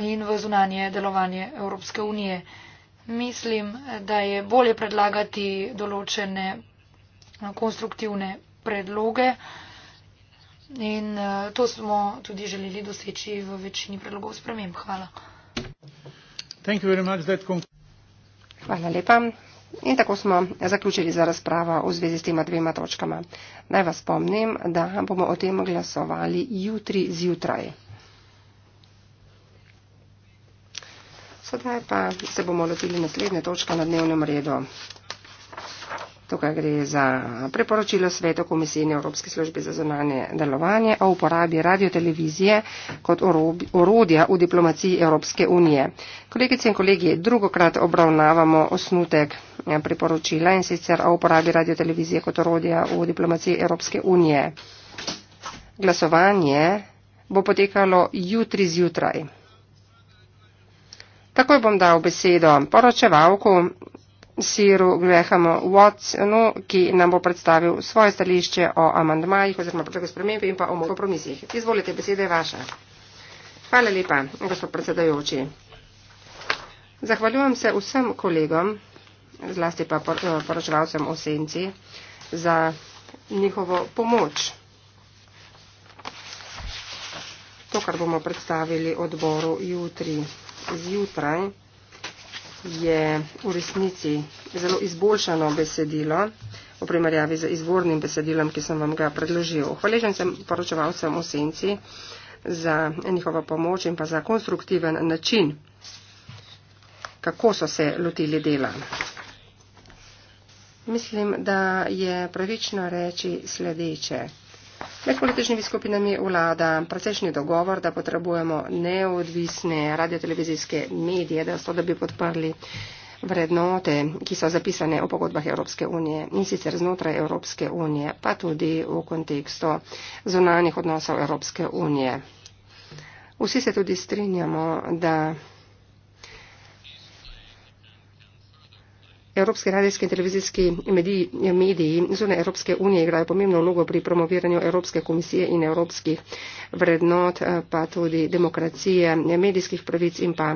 in v zunanje delovanje Evropske unije mislim, da je bolje predlagati določene eh, konstruktivne predloge in eh, to smo tudi želeli doseči v večini predlogov sprememb. Hvala. Hvala lepa. In tako smo zaključili za razpravo v zvezi s tema dvema točkama. Naj vas spomnim, da bomo o tem glasovali jutri zjutraj. Sedaj pa se bomo lotili naslednje točke na dnevnem redu. Tukaj gre za preporočilo Sveto komisije in Evropske službe za zonanje delovanje o uporabi radiotelevizije kot orodja v diplomaciji Evropske unije. Kolegice in kolegi, drugokrat obravnavamo osnutek eh, priporočila in sicer o uporabi radiotelevizije kot orodja v diplomaciji Evropske unije. Glasovanje bo potekalo jutri zjutraj. Takoj bom dal besedo poročevalku Siru Grehamu Watsonu, ki nam bo predstavil svoje stališče o amandmajih oziroma predlogu spremembi in pa o kompromisih. Izvolite, beseda je vaša. Hvala lepa, gospod predsedajoči. Zahvaljujem se vsem kolegom, zlasti pa eh, poročevalcem o senci, za njihovo pomoč. To, kar bomo predstavili odboru jutri zjutraj je v resnici zelo izboljšano besedilo v primerjavi z izvornim besedilom, ki sem vam ga predložil. Hvaležen sem poročevalcem v senci za njihovo pomoč in pa za konstruktiven način, kako so se lotili dela. Mislim, da je pravično reči sledeče. Med političnimi skupinami vlada precejšnji dogovor, da potrebujemo neodvisne radiotelevizijske medije, da so, da bi podprli vrednote, ki so zapisane v pogodbah Evropske unije in sicer znotraj Evropske unije, pa tudi v kontekstu zunanih odnosov Evropske unije. Vsi se tudi strinjamo, da. Evropski radijski in televizijski mediji, mediji zunaj Evropske unije igrajo pomembno vlogo pri promoviranju Evropske komisije in evropskih vrednot, eh, pa tudi demokracije, medijskih pravic in pa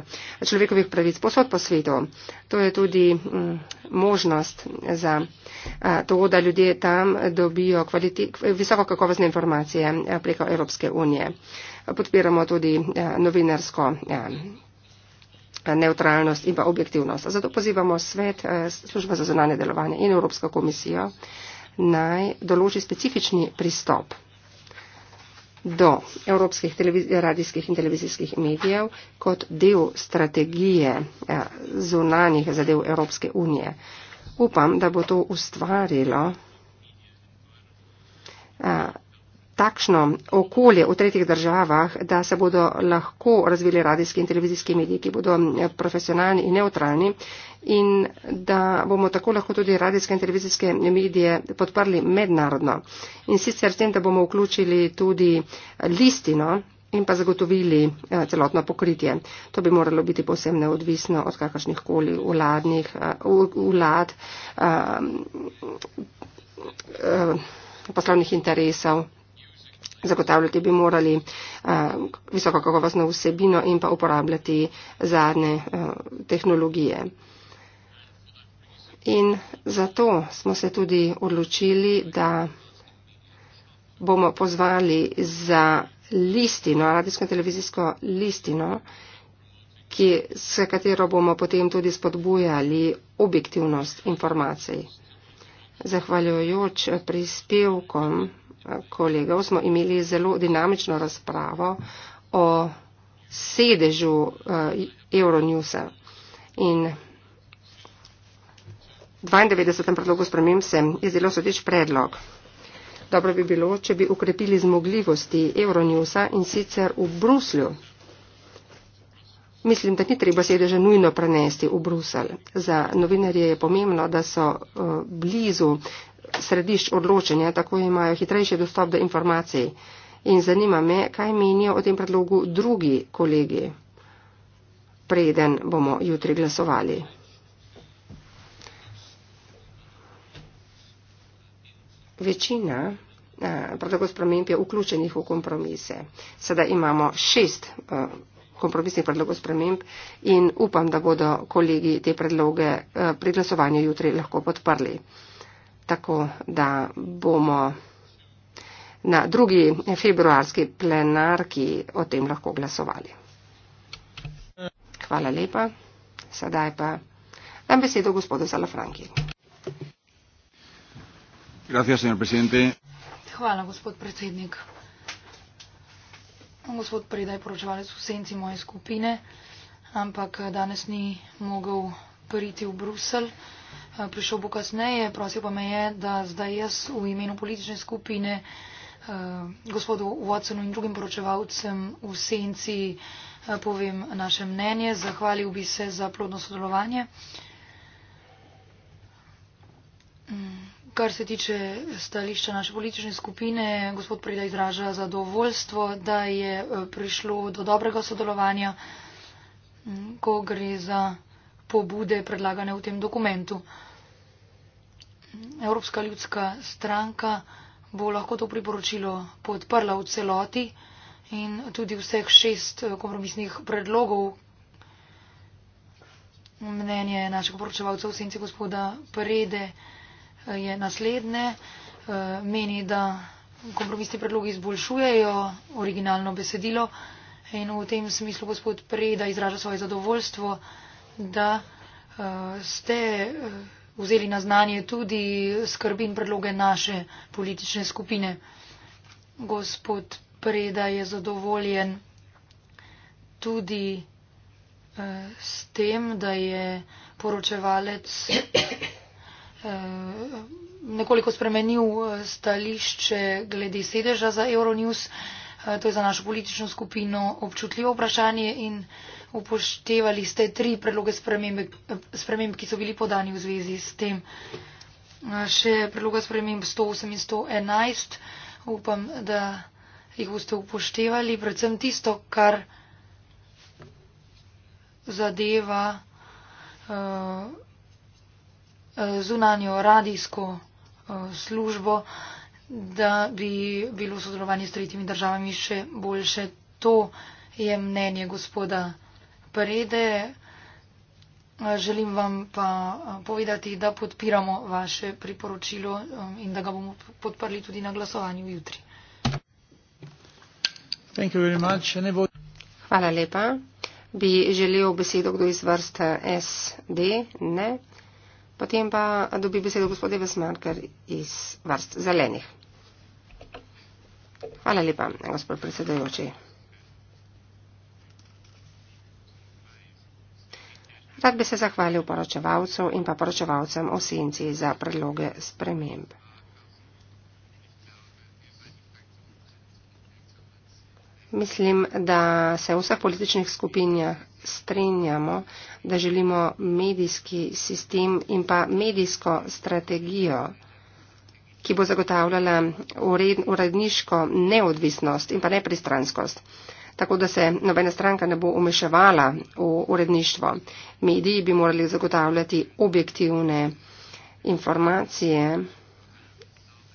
človekovih pravic posod po svetu. To je tudi mm, možnost za eh, to, da ljudje tam dobijo visoko kakovozne informacije eh, preko Evropske unije. Podpiramo tudi novinarsko. Ja, neutralnost in pa objektivnost. Zato pozivamo svet, eh, služba za zunanje delovanje in Evropsko komisijo naj določi specifični pristop do evropskih radijskih in televizijskih medijev kot del strategije eh, zunanjih zadev Evropske unije. Upam, da bo to ustvarilo eh, takšno okolje v tretjih državah, da se bodo lahko razvili radijski in televizijski mediji, ki bodo eh, profesionalni in neutralni in da bomo tako lahko tudi radijske in televizijske medije podprli mednarodno. In sicer s tem, da bomo vključili tudi listino in pa zagotovili eh, celotno pokritje. To bi moralo biti posebno neodvisno od kakršnih koli vladnih, eh, vlad, poslovnih interesov zagotavljati bi morali uh, visokokakovostno vsebino in pa uporabljati zadnje uh, tehnologije. In zato smo se tudi odločili, da bomo pozvali za listino, radijsko televizijsko listino, ki, s katero bomo potem tudi spodbujali objektivnost informacij. Zahvaljujoč prispevkom kolegov smo imeli zelo dinamično razpravo o sedežu eh, Euronewsa. In 92. predlogu sprememb sem je zelo sodeč predlog. Dobro bi bilo, če bi ukrepili zmogljivosti Euronewsa in sicer v Bruslju. Mislim, da ni treba sedeža nujno prenesti v Bruselj. Za novinarje je pomembno, da so eh, blizu središč odločanja, tako imajo hitrejši dostop do informacij. In zanima me, kaj menijo o tem predlogu drugi kolegi, preden bomo jutri glasovali. Večina eh, predlogov sprememb je vključenih v kompromise. Sedaj imamo šest. A, eh, kompromisnih predlogov sprememb in upam, da bodo kolegi te predloge eh, pri glasovanju jutri lahko podprli. Tako da bomo na drugi februarski plenarki o tem lahko glasovali. Hvala lepa. Sedaj pa dam besedo gospodu Salafranki. Gracias, señor presidente. Hvala, gospod predsednik gospod predaj poročevalec v senci moje skupine, ampak danes ni mogel priti v Brusel. Prišel bo kasneje, prosil pa me je, da zdaj jaz v imenu politične skupine gospodu Watsonu in drugim poročevalcem v senci povem naše mnenje. Zahvalil bi se za plodno sodelovanje. Kar se tiče stališča naše politične skupine, gospod Preda izraža zadovoljstvo, da je eh, prišlo do dobrega sodelovanja, ko gre za pobude predlagane v tem dokumentu. Evropska ljudska stranka bo lahko to priporočilo podprla v celoti in tudi vseh šest eh, kompromisnih predlogov. Mnenje našega poročevalca v senci gospoda Prede je naslednje. Eh, meni, da kompromisni predlogi izboljšujejo originalno besedilo in v tem smislu gospod Preda izraža svoje zadovoljstvo, da eh, ste eh, vzeli na znanje tudi skrbi in predloge naše politične skupine. Gospod Preda je zadovoljen tudi s tem, da je poročevalec Eh, nekoliko spremenil eh, stališče glede sedeža za Euronews. Eh, to je za našo politično skupino občutljivo vprašanje in upoštevali ste tri predloge spremembe, sprememb, ki so bili podani v zvezi s tem. Še predloga sprememb 108 in 111. Upam, da jih boste upoštevali. Predvsem tisto, kar zadeva. Uh, Eh, zunanjo radijsko eh, službo, da bi bilo sodelovanje s tretjimi državami še boljše. To je mnenje gospoda Prede. Eh, želim vam pa povedati, da podpiramo vaše priporočilo in da ga bomo podprli tudi na glasovanju jutri. Hvala lepa. Bi želel besedo kdo iz vrste SD? Ne. Potem pa dobi besedo gospod Eves Marker iz vrst zelenih. Hvala lepa, gospod predsedajoči. Rad bi se zahvalil poročevalcu in pa poročevalcem v senci za predloge sprememb. Mislim, da se v vseh političnih skupinjah strenjamo, da želimo medijski sistem in pa medijsko strategijo, ki bo zagotavljala uredniško neodvisnost in pa nepristranskost, tako da se nobena stranka ne bo umeševala v uredništvo. Mediji bi morali zagotavljati objektivne informacije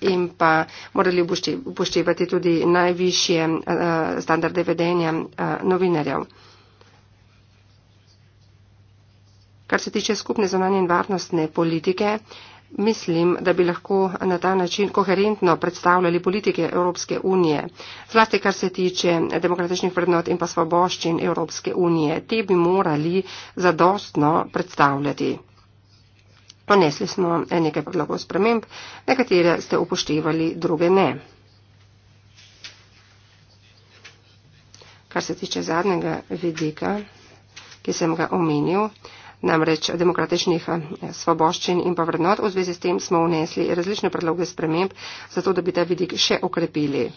in pa morali upoštevati tudi najvišje eh, standarde vedenja eh, novinarjev. Kar se tiče skupne zunanje in varnostne politike, mislim, da bi lahko na ta način koherentno predstavljali politike Evropske unije, zlasti kar se tiče demokratičnih vrednot in pa svoboščin Evropske unije. Te bi morali zadostno predstavljati. Ponesli smo nekaj predlogov sprememb, nekatere ste upoštevali, druge ne. Kar se tiče zadnjega vidika, ki sem ga omenil, namreč demokratičnih eh, svoboščin in pa vrednot, v zvezi s tem smo unesli različne predloge sprememb, zato da bi ta vidik še okrepili.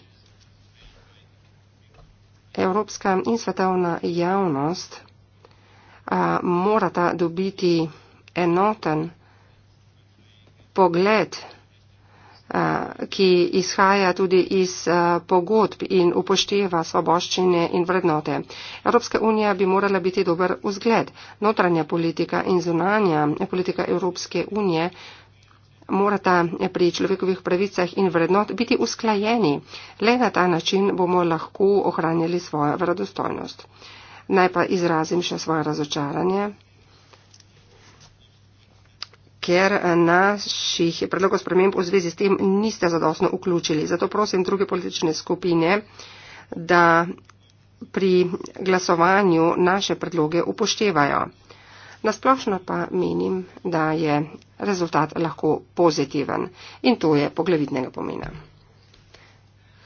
Evropska in svetovna javnost a, morata dobiti enoten pogled, eh, ki izhaja tudi iz eh, pogodb in upošteva svoboščine in vrednote. Evropska unija bi morala biti dober vzgled. Notranja politika in zunanja politika Evropske unije morata pri človekovih pravicah in vrednot biti usklajeni. Le na ta način bomo lahko ohranjali svojo verodostojnost. Naj pa izrazim še svoje razočaranje ker naših predlogov sprememb v zvezi s tem niste zadostno vključili. Zato prosim druge politične skupine, da pri glasovanju naše predloge upoštevajo. Nasplošno pa menim, da je rezultat lahko pozitiven in to je poglavitnega pomena.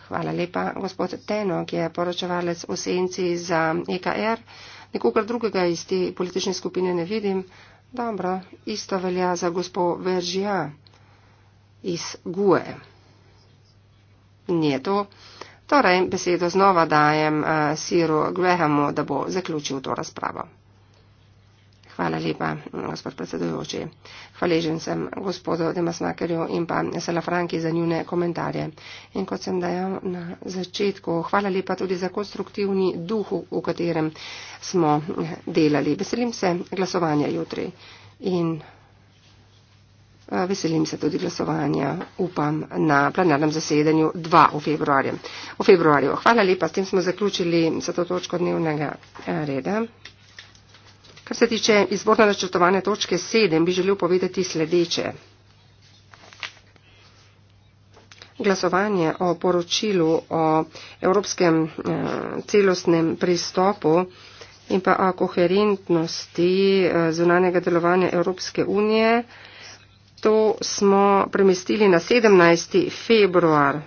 Hvala lepa, gospod Teno, ki je poročevalec v senci za EKR. Nikogar drugega iz te politične skupine ne vidim. Dobro, isto velja za gospo Veržija iz Gue. Njeto. Torej, besedo znova dajem uh, Siru Grahamu, da bo zaključil to razpravo. Hvala lepa, gospod predsedujoči. Hvaležen sem gospodu Demasmakerju in pa Sela Franki za njune komentarje. In kot sem dajal na začetku, hvala lepa tudi za konstruktivni duh, v katerem smo delali. Veselim se glasovanja jutri in eh, veselim se tudi glasovanja, upam, na planarnem zasedanju 2 v februarju. V februarju. Hvala lepa, s tem smo zaključili za to točko dnevnega eh, reda. Kar se tiče izborno načrtovane točke sedem, bi želel povedati sledeče. Glasovanje o poročilu o evropskem eh, celostnem pristopu in pa o koherentnosti eh, zunanjega delovanja Evropske unije, to smo premestili na 17. februar.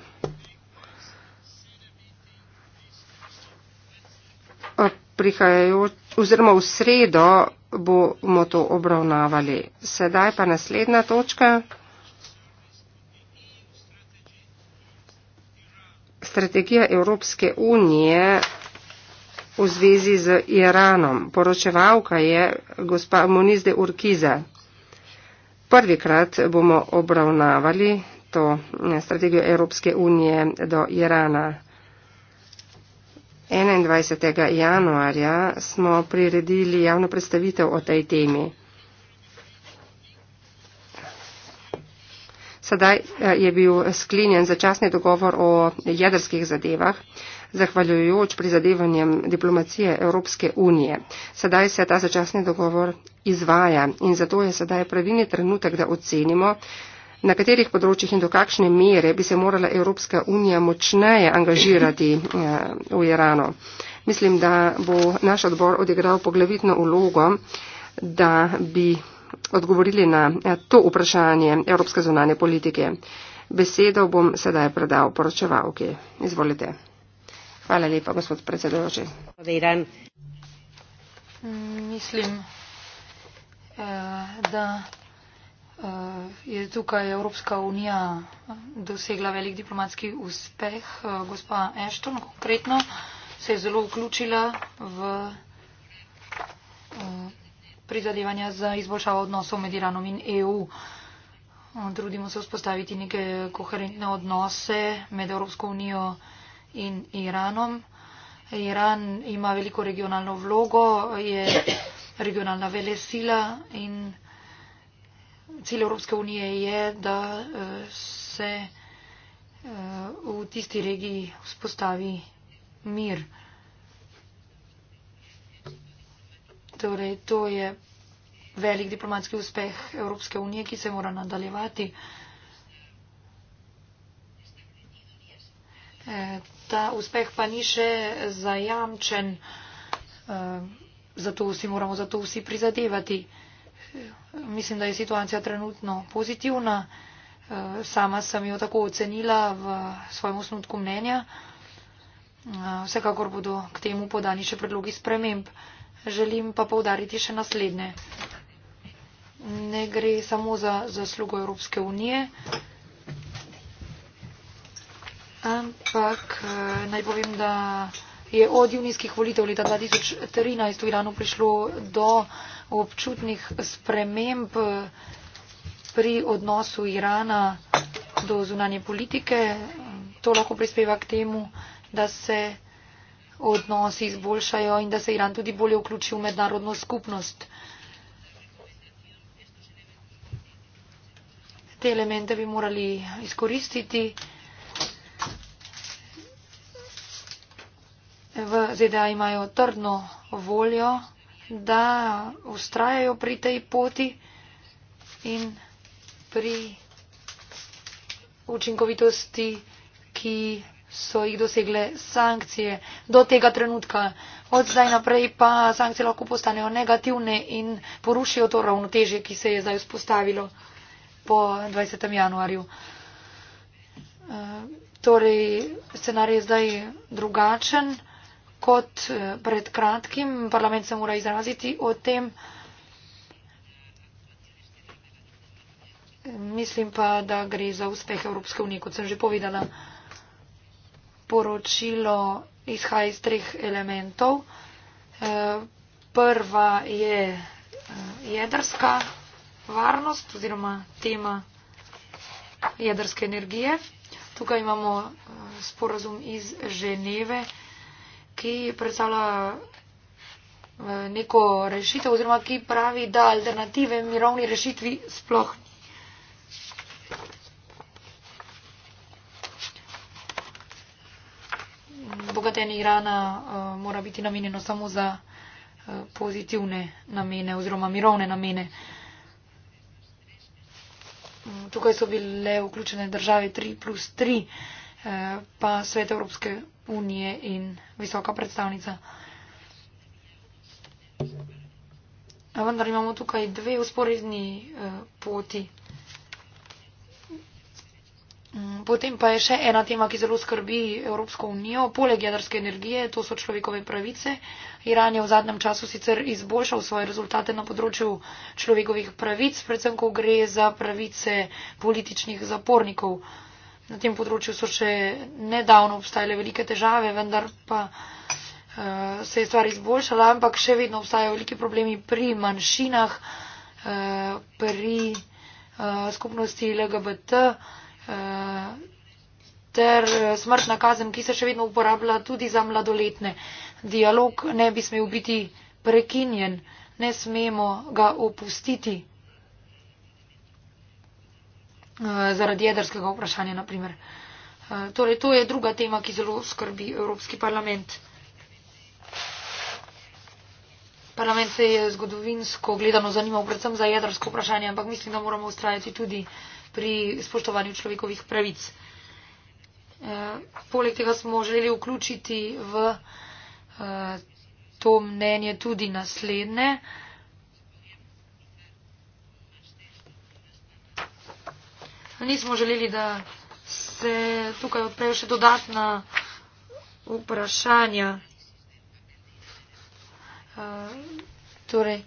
Prihajajoč oziroma v sredo bomo to obravnavali. Sedaj pa naslednja točka. Strategija Evropske unije v zvezi z Iranom. Poročevalka je gospa Monizde Urkiza. Prvikrat bomo obravnavali to eh, strategijo Evropske unije do Irana. 21. januarja smo priredili javno predstavitev o tej temi. Sedaj eh, je bil sklenjen začasni dogovor o jedrskih zadevah, zahvaljujoč prizadevanjem diplomacije Evropske unije. Sedaj se ta začasni dogovor izvaja in zato je sedaj pravilni trenutek, da ocenimo, na katerih področjih in do kakšne mere bi se morala Evropska unija močneje angažirati eh, v Iranu. Mislim, da bo naš odbor odigral poglavitno ulogo, da bi odgovorili na eh, to vprašanje Evropske zunanje politike. Besedo bom sedaj predal poročevalki. Izvolite. Hvala lepa, gospod predsedujoči. Mislim, eh, da Eh, je tukaj Evropska unija eh, dosegla velik diplomatski uspeh. Eh, gospa Ashton konkretno se je zelo vključila v prizadevanja za izboljšavo odnosov med Iranom in EU. Trudimo se vzpostaviti neke koherentne odnose med Evropsko unijo in Iranom. Iran ima veliko regionalno vlogo, je regionalna velesila in cilj Evropske unije je, da eh, se eh, v tisti regiji vzpostavi mir. Torej, to je velik diplomatski uspeh Evropske unije, ki se mora nadaljevati. Eh, ta uspeh pa ni še zajamčen, zato vsi moramo za to vsi prizadevati mislim, da je situacija trenutno pozitivna. Eh, sama sem jo tako ocenila v svojem osnutku mnenja. Eh, vsekakor bodo k temu podani še predlogi sprememb. Želim pa povdariti še naslednje. Ne gre samo za zaslugo Evropske unije, ampak eh, naj povem, da je od junijskih volitev leta 2013 v Iranu prišlo do občutnih sprememb eh, pri odnosu Irana do zunanje politike. To lahko prispeva k temu, da se odnosi izboljšajo in da se Iran tudi bolje vključi v mednarodno skupnost. Te elemente bi morali izkoristiti. V ZDA imajo trdno voljo da ustrajajo pri tej poti in pri učinkovitosti, ki so jih dosegle sankcije do tega trenutka. Od zdaj naprej pa sankcije lahko postanejo negativne in porušijo to ravnotežje, ki se je zdaj vzpostavilo po 20. januarju. Eh, torej, scenarij je zdaj drugačen kot eh, pred kratkim, parlament se mora izraziti o tem. Mislim pa, da gre za uspeh Evropske unije, kot sem že povedala. Poročilo izhaja iz treh elementov. Eh, prva je eh, jedrska varnost oziroma tema jedrske energije. Tukaj imamo sporazum iz Ženeve ki predstavlja eh, neko rešitev oziroma ki pravi, da alternative mirovni rešitvi sploh ni. Bogatenje Irana uh, mora biti namenjeno samo za uh, pozitivne namene oziroma mirovne namene. Mm, tukaj so bile vključene države 3 plus 3, uh, pa svet Evropske unije in visoka predstavnica. Vendar imamo tukaj dve usporedni eh, poti. Mm, potem pa je še ena tema, ki zelo skrbi Evropsko unijo. Poleg jedrske energije, to so človekove pravice. Iran je v zadnjem času sicer izboljšal svoje rezultate na področju človekovih pravic, predvsem ko gre za pravice političnih zapornikov. Na tem področju so še nedavno obstajale velike težave, vendar pa uh, se je stvar izboljšala, ampak še vedno obstajajo veliki problemi pri manjšinah, uh, pri uh, skupnosti LGBT uh, ter smrtna kazen, ki se še vedno uporablja tudi za mladoletne. Dialog ne bi smel biti prekinjen, ne smemo ga opustiti. Eh, zaradi jedrskega vprašanja naprimer. Eh, torej, to je druga tema, ki zelo skrbi Evropski parlament. Parlament se je zgodovinsko gledano zanimal predvsem za jedrsko vprašanje, ampak mislim, da moramo ustrajati tudi pri spoštovanju človekovih pravic. Eh, poleg tega smo želeli vključiti v to mnenje tudi naslednje. nismo želeli, da se tukaj odprejo še dodatna vprašanja. Eh, torej,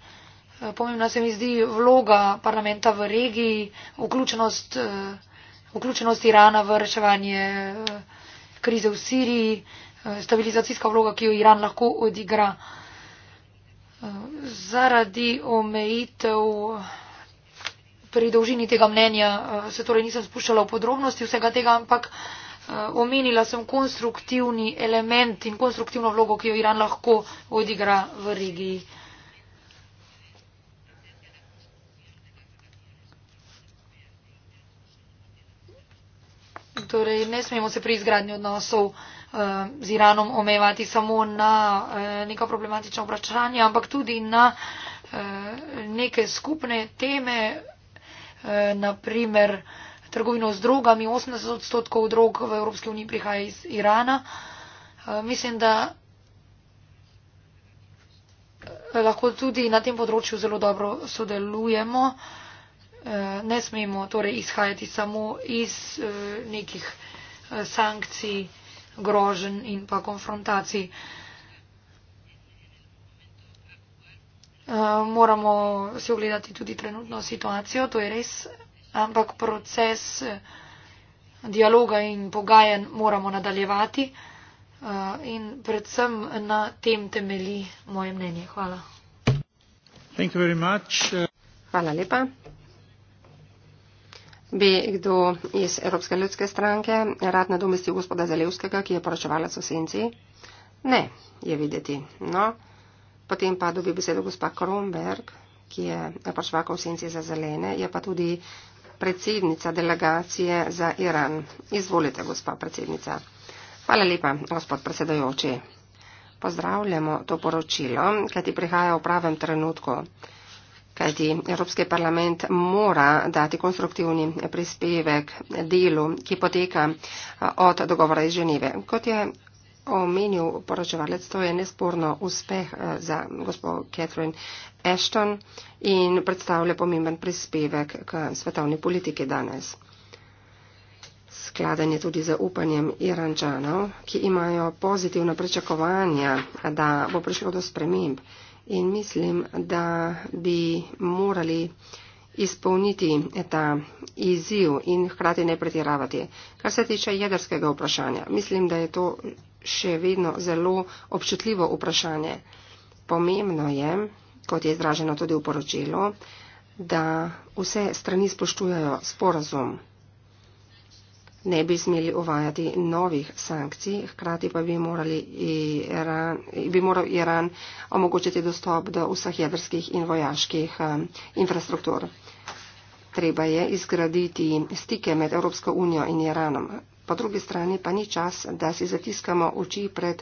eh, pomembna se mi zdi vloga parlamenta v regiji, vključenost, eh, vključenost Irana v reševanje krize v Siriji, stabilizacijska vloga, ki jo Iran lahko odigra. Zaradi omejitev pri dolžini tega mnenja eh, se torej nisem spuščala v podrobnosti vsega tega, ampak eh, omenila sem konstruktivni element in konstruktivno vlogo, ki jo Iran lahko odigra v regiji. Torej, ne smemo se pri izgradnji odnosov eh, z Iranom omejevati samo na neka problematična vprašanja, ampak tudi na neke skupne teme Eh, naprimer trgovino z drogami, 80 odstotkov drog v Evropski uniji prihaja iz Irana. Eh, mislim, da eh, lahko tudi na tem področju zelo dobro sodelujemo. Ne smemo torej izhajati samo iz nekih sankcij, grožen in pa konfrontacij. Eh, moramo si ogledati tudi trenutno situacijo, to je res, ampak proces eh, dialoga in pogajanj moramo nadaljevati eh, in predvsem na tem temeli moje mnenje. Hvala. Hvala lepa. Bi kdo iz Evropske ljudske stranke rad nadomestil gospoda Zalevskega, ki je poročevala s osenci? Ne, je videti. No. Potem pa dobi besedo gospa Kromberg, ki je pašvaka v senci za zelene, je pa tudi predsednica delegacije za Iran. Izvolite, gospa predsednica. Hvala lepa, gospod predsedojoči. Pozdravljamo to poročilo, kajti prihaja v pravem trenutku, kajti Evropski parlament mora dati konstruktivni prispevek delu, ki poteka eh, od dogovora iz Ženeve. Kot je omenil poročevalec, to je nesporno uspeh eh, za gospod Catherine Ashton in predstavlja pomemben prispevek k svetovni politiki danes. Skladen je tudi za upanjem iranđanov, ki imajo pozitivna pričakovanja, da bo prišlo do sprememb in mislim, da bi morali izpolniti ta izziv in hkrati ne pretiravati. Kar se tiče jedrskega vprašanja, mislim, da je to še vedno zelo občutljivo vprašanje. Pomembno je, kot je izraženo tudi v poročilu, da vse strani spoštujajo sporazum. Ne bi smeli uvajati novih sankcij, hkrati pa bi, Iran, bi moral Iran omogočiti dostop do vseh jedrskih in vojaških um, infrastruktur. Treba je izgraditi stike med Evropsko unijo in Iranom po drugi strani pa ni čas, da si zatiskamo oči pred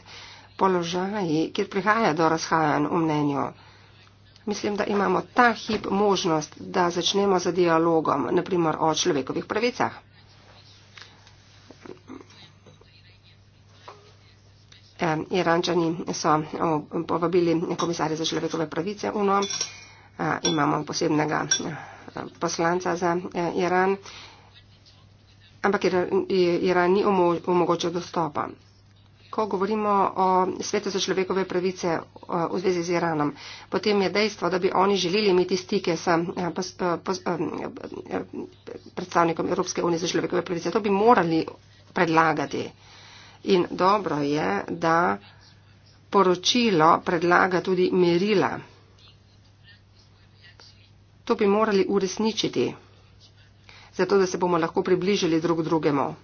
položaji, kjer prihaja do razhajanj v mnenju. Mislim, da imamo ta hip možnost, da začnemo za dialogom, naprimer o človekovih pravicah. Ja, Irančani so povabili komisarje za človekove pravice UNO, imamo posebnega poslanca za e, Iran ampak Iran ni omogočil dostopa. Ko govorimo o svetu za človekove pravice v zvezi z Iranom, potem je dejstvo, da bi oni želeli imeti stike s eh, eh, eh, predstavnikom Evropske unije za človekove pravice. To bi morali predlagati. In dobro je, da poročilo predlaga tudi merila. To bi morali uresničiti zato da se bomo lahko približili drug drugemu.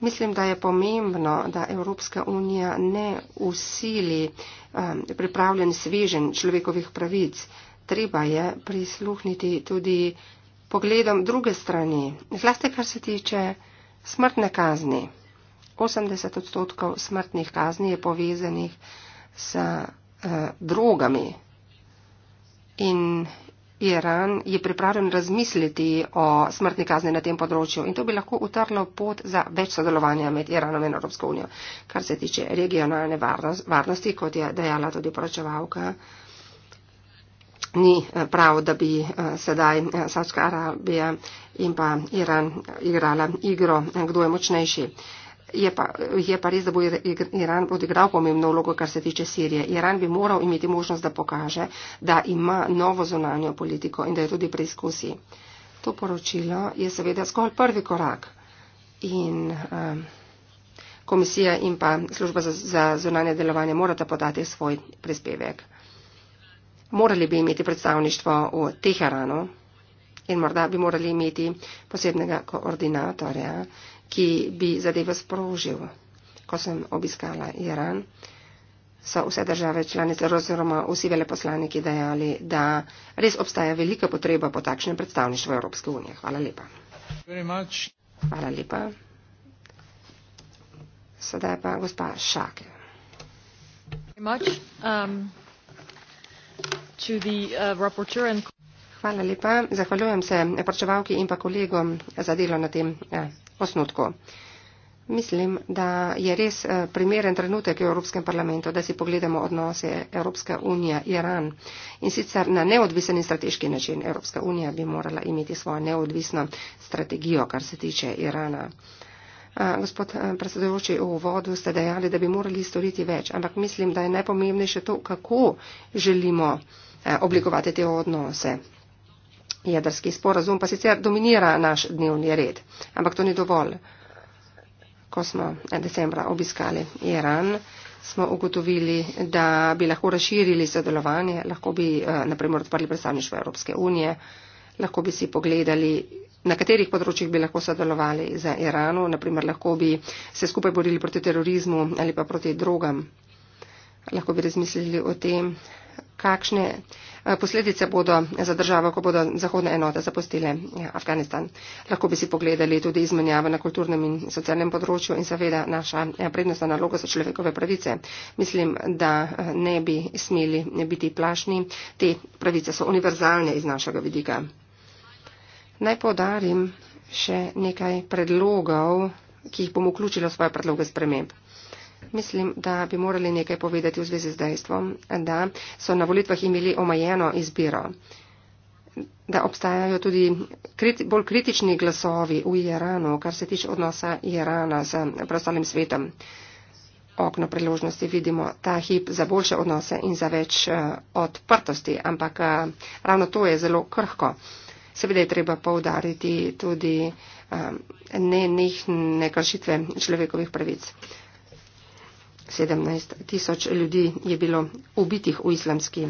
Mislim, da je pomembno, da Evropska unija ne usili um, pripravljen svežen človekovih pravic. Treba je prisluhniti tudi pogledom druge strani. Zlasti, kar se tiče smrtne kazni. 80 odstotkov smrtnih kazni je povezanih s eh, drogami. In Iran je pripravljen razmisliti o smrtni kazni na tem področju in to bi lahko utrlo pot za več sodelovanja med Iranom in Evropsko unijo, kar se tiče regionalne varnosti, kot je dejala tudi poročevalka. Ni eh, prav, da bi eh, sedaj eh, Saudska Arabija in pa Iran igrala igro, kdo je močnejši. Je pa, je pa res, da bo Iran odigral pomembno vlogo, kar se tiče Sirije. Iran bi moral imeti možnost, da pokaže, da ima novo zonalno politiko in da jo tudi preizkusi. To poročilo je seveda skolj prvi korak. In, um, komisija in pa služba za, za zonalne delovanje morata podati svoj prispevek. Morali bi imeti predstavništvo v Teheranu in morda bi morali imeti posebnega koordinatorja ki bi zadevo sprožil. Ko sem obiskala Iran, so vse države članice oziroma vsi veleposlaniki dejali, da res obstaja velika potreba po takšnem predstavništvu Evropske unije. Hvala lepa. Hvala lepa. Sedaj pa gospa Šake. Hvala lepa. Zahvaljujem se poročevalki in pa kolegom za delo na tem. Ja osnutku. Mislim, da je res eh, primeren trenutek v Evropskem parlamentu, da si pogledamo odnose Evropska unija Iran in sicer na neodvisen in strateški način. Evropska unija bi morala imeti svojo neodvisno strategijo, kar se tiče Irana. Eh, gospod eh, predsedujoči, v uvodu ste dejali, da bi morali storiti več, ampak mislim, da je najpomembnejše to, kako želimo oblikovati te odnose. Jedrski sporazum pa sicer dominira naš dnevni red, ampak to ni dovolj. Ko smo decembra obiskali Iran, smo ugotovili, da bi lahko razširili sodelovanje, lahko bi eh, naprimer odprli predstavništvo Evropske unije, lahko bi si pogledali, na katerih področjih bi lahko sodelovali za Iranu, naprimer lahko bi se skupaj borili proti terorizmu ali pa proti drogam. Lahko bi razmislili o tem, kakšne eh, posledice bodo za državo, ko bodo zahodne enote zapustile eh, Afganistan. Lahko bi si pogledali tudi izmenjave na kulturnem in socialnem področju in seveda naša eh, prednostna naloga za človekove pravice. Mislim, da ne bi smeli biti plašni. Te pravice so univerzalne iz našega vidika. Naj podarim še nekaj predlogov, ki jih bom vključila v svoje predloge sprememb. Mislim, da bi morali nekaj povedati v zvezi z dejstvom, da so na volitvah imeli omajeno izbiro, da obstajajo tudi kriti, bolj kritični glasovi v Iranu, kar se tiče odnosa Irana s preostalim svetom. Okno priložnosti vidimo ta hip za boljše odnose in za več eh, odprtosti, ampak eh, ravno to je zelo krhko. Seveda je treba poudariti tudi eh, ne nekršitve človekovih pravic. 17 tisoč ljudi je bilo ubitih v Islamski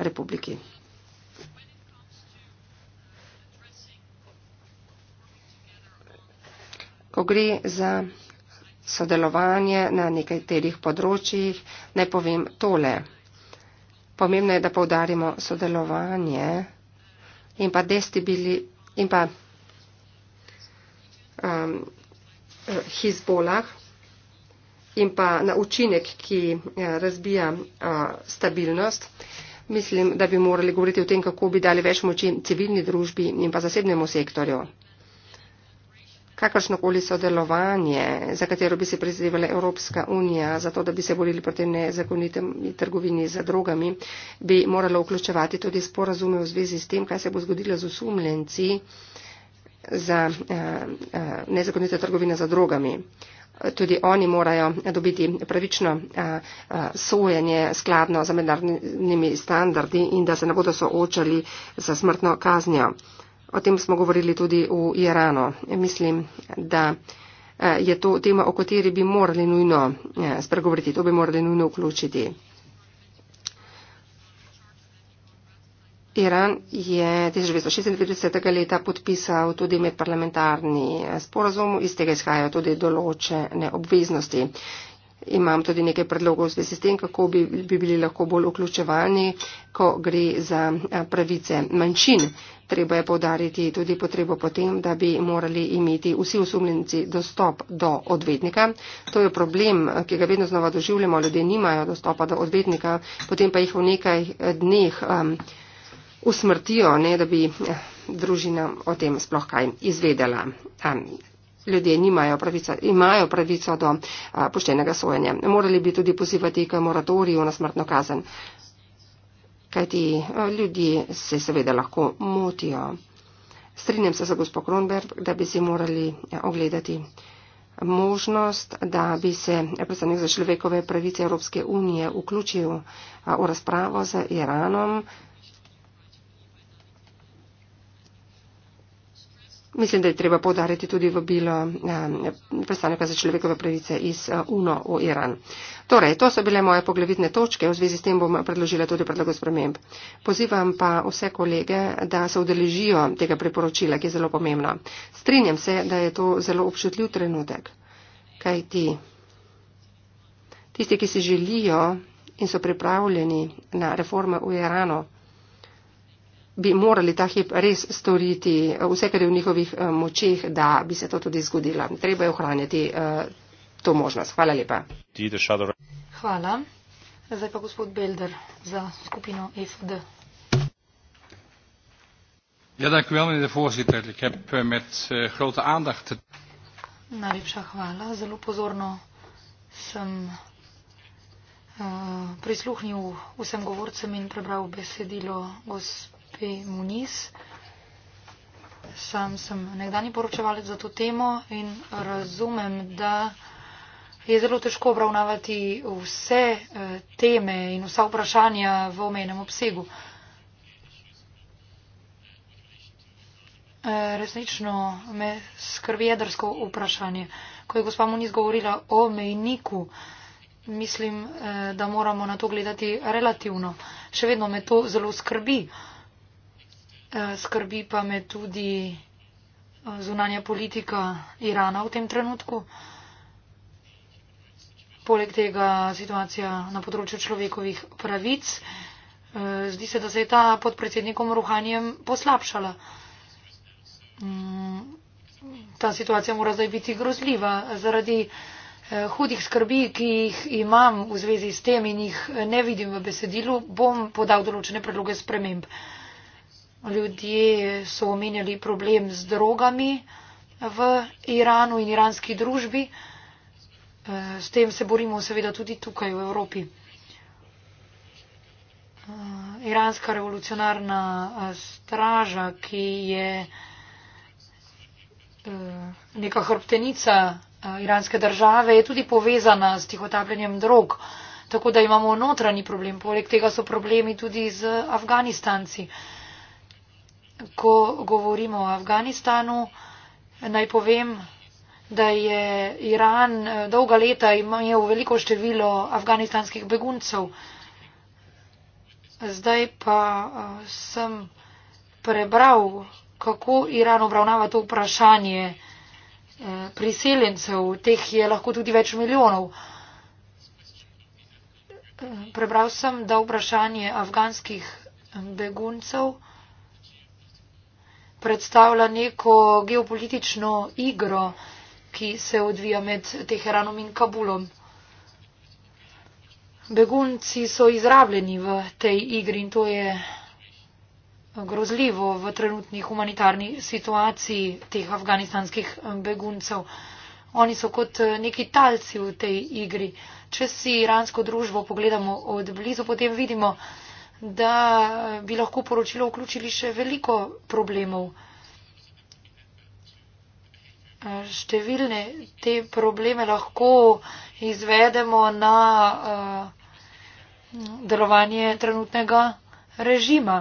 republiki. Ko gre za sodelovanje na nekaterih področjih, ne povem tole. Pomembno je, da povdarimo sodelovanje in pa destibili in pa um, Hizbolah, in pa na učinek, ki eh, razbija eh, stabilnost. Mislim, da bi morali govoriti o tem, kako bi dali več moči civilni družbi in pa zasebnemu sektorju. Kakršnokoli sodelovanje, za katero bi se prizadevala Evropska unija, zato da bi se borili proti nezakonitemi trgovini za drogami, bi moralo vključevati tudi sporazume v zvezi s tem, kaj se bo zgodilo z osumljenci za eh, nezakonito trgovino za drogami tudi oni morajo dobiti pravično eh, eh, sojenje skladno za mednarodnimi standardi in da se ne bodo soočali z smrtno kaznjo. O tem smo govorili tudi v Iranu. Mislim, da eh, je to tema, o kateri bi morali nujno spregovoriti, to bi morali nujno vključiti. Iran je 1996. leta podpisal tudi medparlamentarni sporazum, iz tega izhajajo tudi določene obveznosti. Imam tudi nekaj predlogov v zvezi s tem, kako bi, bi bili lahko bolj vključevalni, ko gre za pravice manjšin. Treba je povdariti tudi potrebo potem, da bi morali imeti vsi osumljenci dostop do odvetnika. To je problem, ki ga vedno znova doživljamo. Ljudje nimajo dostopa do odvetnika, potem pa jih v nekaj dneh. Um, usmrtijo, ne da bi eh, družina o tem sploh kaj izvedela. Ljudje nimajo pravico, imajo pravico do eh, poštenega sojenja. Morali bi tudi pozivati k moratoriju na smrtno kazen, kajti eh, ljudje se seveda lahko motijo. Strinjam se za gospod Kronberg, da bi si morali ogledati možnost, da bi se predstavnik za človekove pravice Evropske unije vključil v razpravo z Iranom. Mislim, da je treba podariti tudi vabilo predstavnika za človekove pravice iz eh, UNO v Iran. Torej, to so bile moje poglavitne točke, v zvezi s tem bom predložila tudi predlogo sprememb. Pozivam pa vse kolege, da se udeležijo tega priporočila, ki je zelo pomembno. Strinjam se, da je to zelo občutljiv trenutek, kaj ti. Tisti, ki si želijo in so pripravljeni na reforme v Iranu bi morali ta hip res storiti vse, kar je v njihovih eh, močeh, da bi se to tudi zgodilo. Treba je ohranjati eh, to možnost. Hvala lepa. Hvala. Zdaj pa gospod Belder za skupino FD. Ja, dankujem, mene je voziter, ki je eh, med hrota andah. Najlepša hvala. Zelo pozorno sem uh, prisluhnil vsem govorcem in prebral besedilo gospod. Filipi Muniz. Sam sem nekdani poročevalec za to temo in razumem, da je zelo težko obravnavati vse eh, teme in vsa vprašanja v omenem obsegu. Eh, resnično me skrbi jedrsko vprašanje. Ko je gospa Muniz govorila o mejniku, mislim, eh, da moramo na to gledati relativno. Še vedno me to zelo skrbi. Eh, skrbi pa me tudi eh, zunanja politika Irana v tem trenutku. Poleg tega situacija na področju človekovih pravic. Eh, zdi se, da se je ta pod predsednikom Ruhanjem poslabšala. Mm, ta situacija mora zdaj biti grozljiva zaradi hudih skrbi, ki jih imam v zvezi s tem in jih ne vidim v besedilu, bom podal določene predloge sprememb. Ljudje so omenjali problem z drogami v Iranu in iranski družbi. Eh, s tem se borimo seveda tudi tukaj v Evropi. Eh, iranska revolucionarna eh, straža, ki je neka hrbtenica iranske države, je tudi povezana s tihotapljenjem drog. Tako da imamo notranji problem. Poleg tega so problemi tudi z Afganistanci ko govorimo o Afganistanu, naj povem, da je Iran eh, dolga leta imel veliko število afganistanskih beguncev. Zdaj pa eh, sem prebral, kako Iran obravnava to vprašanje eh, priseljencev. Teh je lahko tudi več milijonov. Prebral sem, da vprašanje afganskih beguncev predstavlja neko geopolitično igro, ki se odvija med Teheranom in Kabulom. Begunci so izrabljeni v tej igri in to je grozljivo v trenutni humanitarni situaciji teh afganistanskih beguncev. Oni so kot neki talci v tej igri. Če si iransko družbo pogledamo od blizu, potem vidimo, da bi lahko poročilo vključili še veliko problemov. Številne te probleme lahko izvedemo na eh, delovanje trenutnega režima.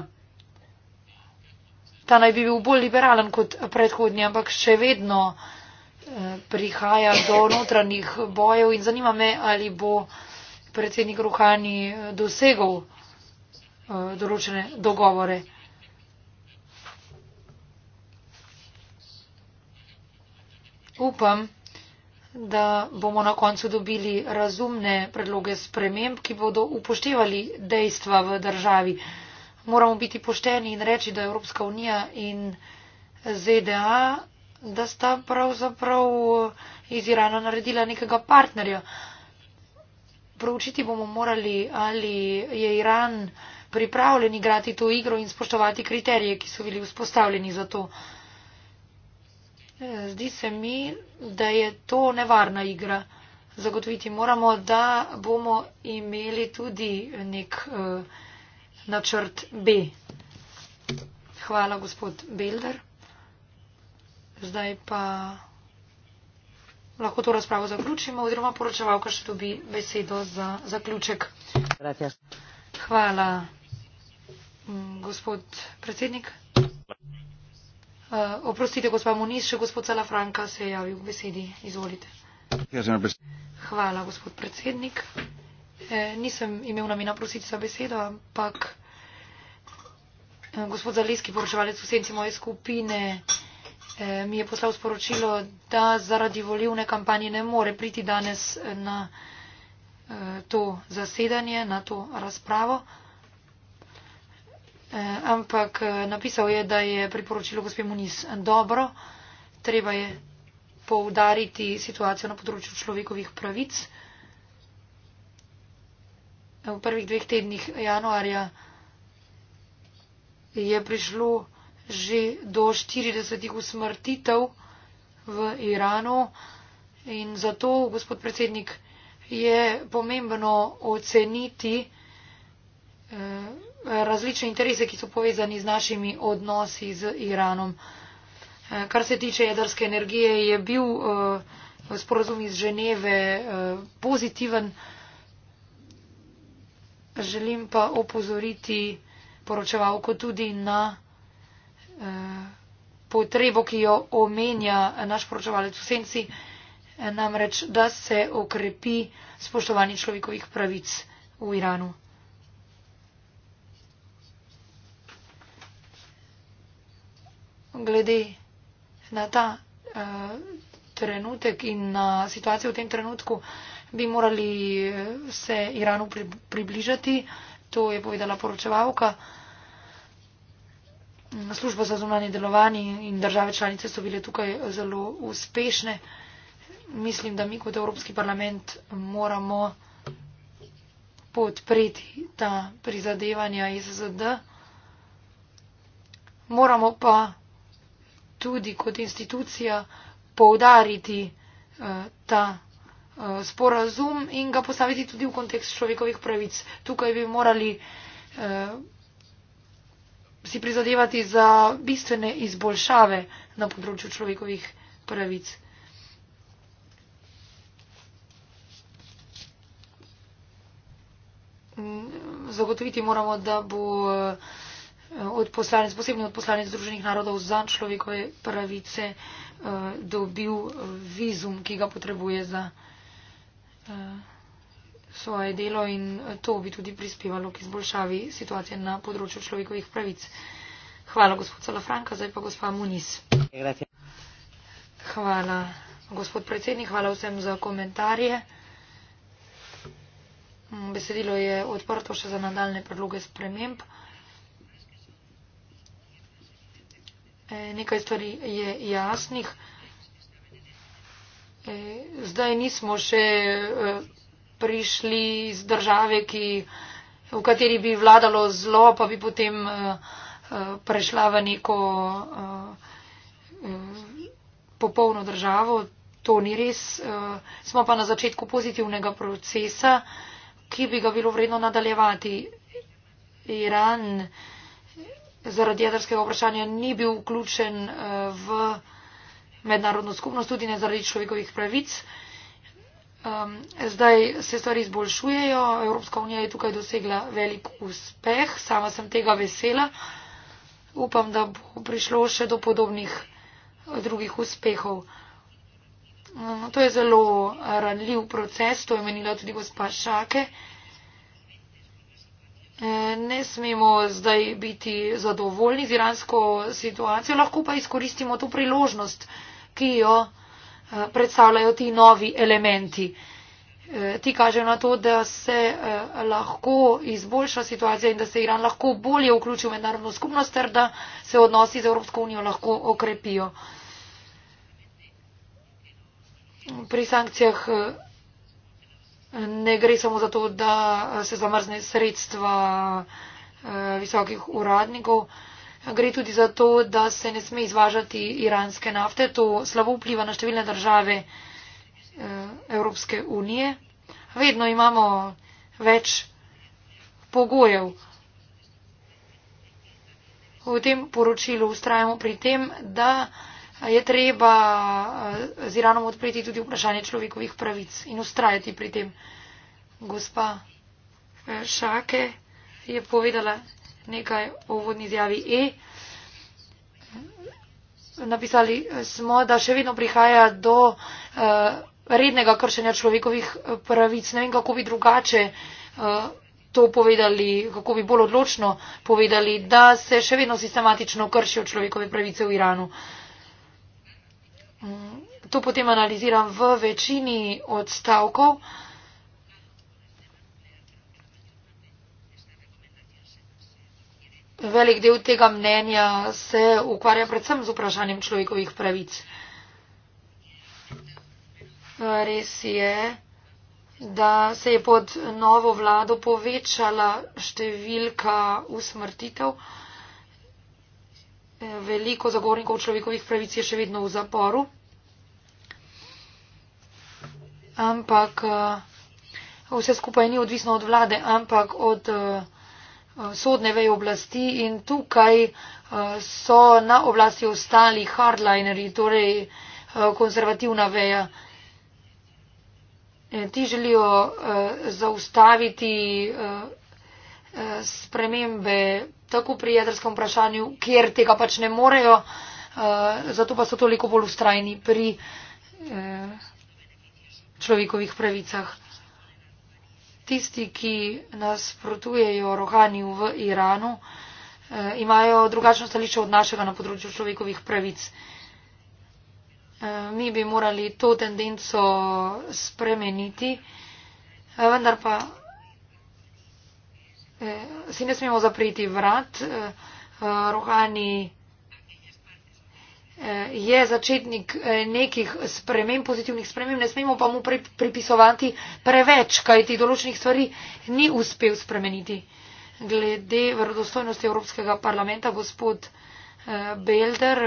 Ta naj bi bil bolj liberalen kot predhodnji, ampak še vedno eh, prihaja do notranjih bojev in zanima me, ali bo predsednik Ruhani eh, dosegal Eh, določene dogovore. Upam, da bomo na koncu dobili razumne predloge sprememb, ki bodo upoštevali dejstva v državi. Moramo biti pošteni in reči, da Evropska unija in ZDA, da sta pravzaprav eh, iz Irana naredila nekega partnerja. Proučiti bomo morali, ali je Iran pripravljeni igrati to igro in spoštovati kriterije, ki so bili vzpostavljeni za to. E, zdi se mi, da je to nevarna igra. Zagotoviti moramo, da bomo imeli tudi nek uh, načrt B. Hvala, gospod Belder. Zdaj pa lahko to razpravo zaključimo oziroma poročevalka še dobi besedo za zaključek. Gracias. Hvala. Mm, gospod predsednik. Uh, oprostite, gospod Moniz, še gospod Salafranka se je javil v besedi. Izvolite. Hvala, gospod predsednik. E, nisem imel namena prositi za besedo, ampak eh, gospod Zaleski, poročevalec v senci moje skupine, e, mi je poslal sporočilo, da zaradi volivne kampanje ne more priti danes na e, to zasedanje, na to razpravo. E, Eh, ampak eh, napisal je, da je priporočilo gospe Muniz dobro, treba je poudariti situacijo na področju človekovih pravic. V prvih dveh tednih januarja je prišlo že do 40 usmrtitev v Iranu in zato, gospod predsednik, je pomembno oceniti eh, različne interese, ki so povezani z našimi odnosi z Iranom. Eh, kar se tiče jedrske energije, je bil eh, sporozum iz Ženeve eh, pozitiven. Želim pa opozoriti poročevalko tudi na potrebo, ki jo omenja naš poročevalec v senci, namreč, da se okrepi spoštovanje človekovih pravic v Iranu. glede na ta uh, trenutek in na uh, situacijo v tem trenutku bi morali eh, se Iranu približati. To je povedala poročevalka. Mm, Služba za zunanje delovanje in države članice so bile tukaj eh, zelo uspešne. Mislim, da mi kot Evropski parlament moramo podpreti ta prizadevanja SZD. Moramo pa tudi kot institucija poudariti uh, ta uh, sporazum in ga postaviti tudi v kontekst človekovih pravic. Tukaj bi morali uh, si prizadevati za bistvene izboljšave na področju človekovih pravic. Mm, zagotoviti moramo, da bo. Uh, od poslanec, posebno od poslanec Združenih narodov za človekove pravice, eh, dobil eh, vizum, ki ga potrebuje za eh, svoje delo in to bi tudi prispevalo k izboljšavi situacije na področju človekovih pravic. Hvala, gospod Salafranka, zdaj pa gospa Muniz. Hvala, gospod predsednik, hvala vsem za komentarje. Mm, besedilo je odprto še za nadaljne predloge sprememb. E, nekaj stvari je jasnih. E, zdaj nismo še e, prišli iz države, ki, v kateri bi vladalo zlo, pa bi potem prešla v neko popolno državo. To ni res. Smo pa na začetku pozitivnega procesa, ki bi ga bilo vredno nadaljevati. Iran zaradi jedrskega vprašanja ni bil vključen eh, v mednarodno skupnost, tudi ne zaradi človekovih pravic. Ehm, zdaj se stvari izboljšujejo, Evropska unija je tukaj dosegla velik uspeh, sama sem tega vesela. Upam, da bo prišlo še do podobnih eh, drugih uspehov. Ehm, to je zelo eh, ranljiv proces, to je menila tudi gospa Šake. Ne smemo zdaj biti zadovoljni z iransko situacijo, lahko pa izkoristimo to priložnost, ki jo eh, predstavljajo ti novi elementi. Eh, ti kažejo na to, da se eh, lahko izboljša situacija in da se Iran lahko bolje vključi v mednarodno skupnost, ter da se odnosi z Evropsko unijo lahko okrepijo. Pri sankcijah ne gre samo za to, da se zamrzne sredstva eh, visokih uradnikov, gre tudi za to, da se ne sme izvažati iranske nafte. To slabo vpliva na številne države eh, Evropske unije. Vedno imamo več pogojev. V tem poročilu ustrajamo pri tem, da je treba eh, z Iranom odpreti tudi vprašanje človekovih pravic in ustrajati pri tem. Gospa eh, Šake je povedala nekaj o vodni izjavi E. Napisali eh, smo, da še vedno prihaja do rednega kršenja človekovih pravic. Ne vem, kako bi drugače to povedali, kako bi bolj odločno povedali, da se še vedno sistematično kršijo človekove pravice v Iranu. To potem analiziram v večini odstavkov. Velik del tega mnenja se ukvarja predvsem z vprašanjem človekovih pravic. Res je, da se je pod novo vlado povečala številka usmrtitev. Uh, veliko zagovornikov človekovih pravic je še vedno v zaporu. Ampak eh, vse skupaj ni odvisno od vlade, ampak od eh, sodne veje oblasti in tukaj eh, so na oblasti ostali hardlinerji, torej konzervativna veja. Ti želijo zaustaviti spremembe tako pri jedrskem vprašanju, kjer tega pač ne morejo, uh, zato pa so toliko bolj ustrajni pri uh, človekovih pravicah. Tisti, ki nasprotujejo rohanju v Iranu, uh, imajo drugačno stališče od našega na področju človekovih pravic. Mi bi morali to tendenco spremeniti, vendar pa Eh, si ne smemo zapriti vrat. Eh, Rohani eh, je začetnik nekih sprememb, pozitivnih sprememb, ne smemo pa mu pripisovati preveč, kaj ti določenih stvari ni uspel spremeniti. Glede verodostojnosti Evropskega parlamenta, gospod Belder,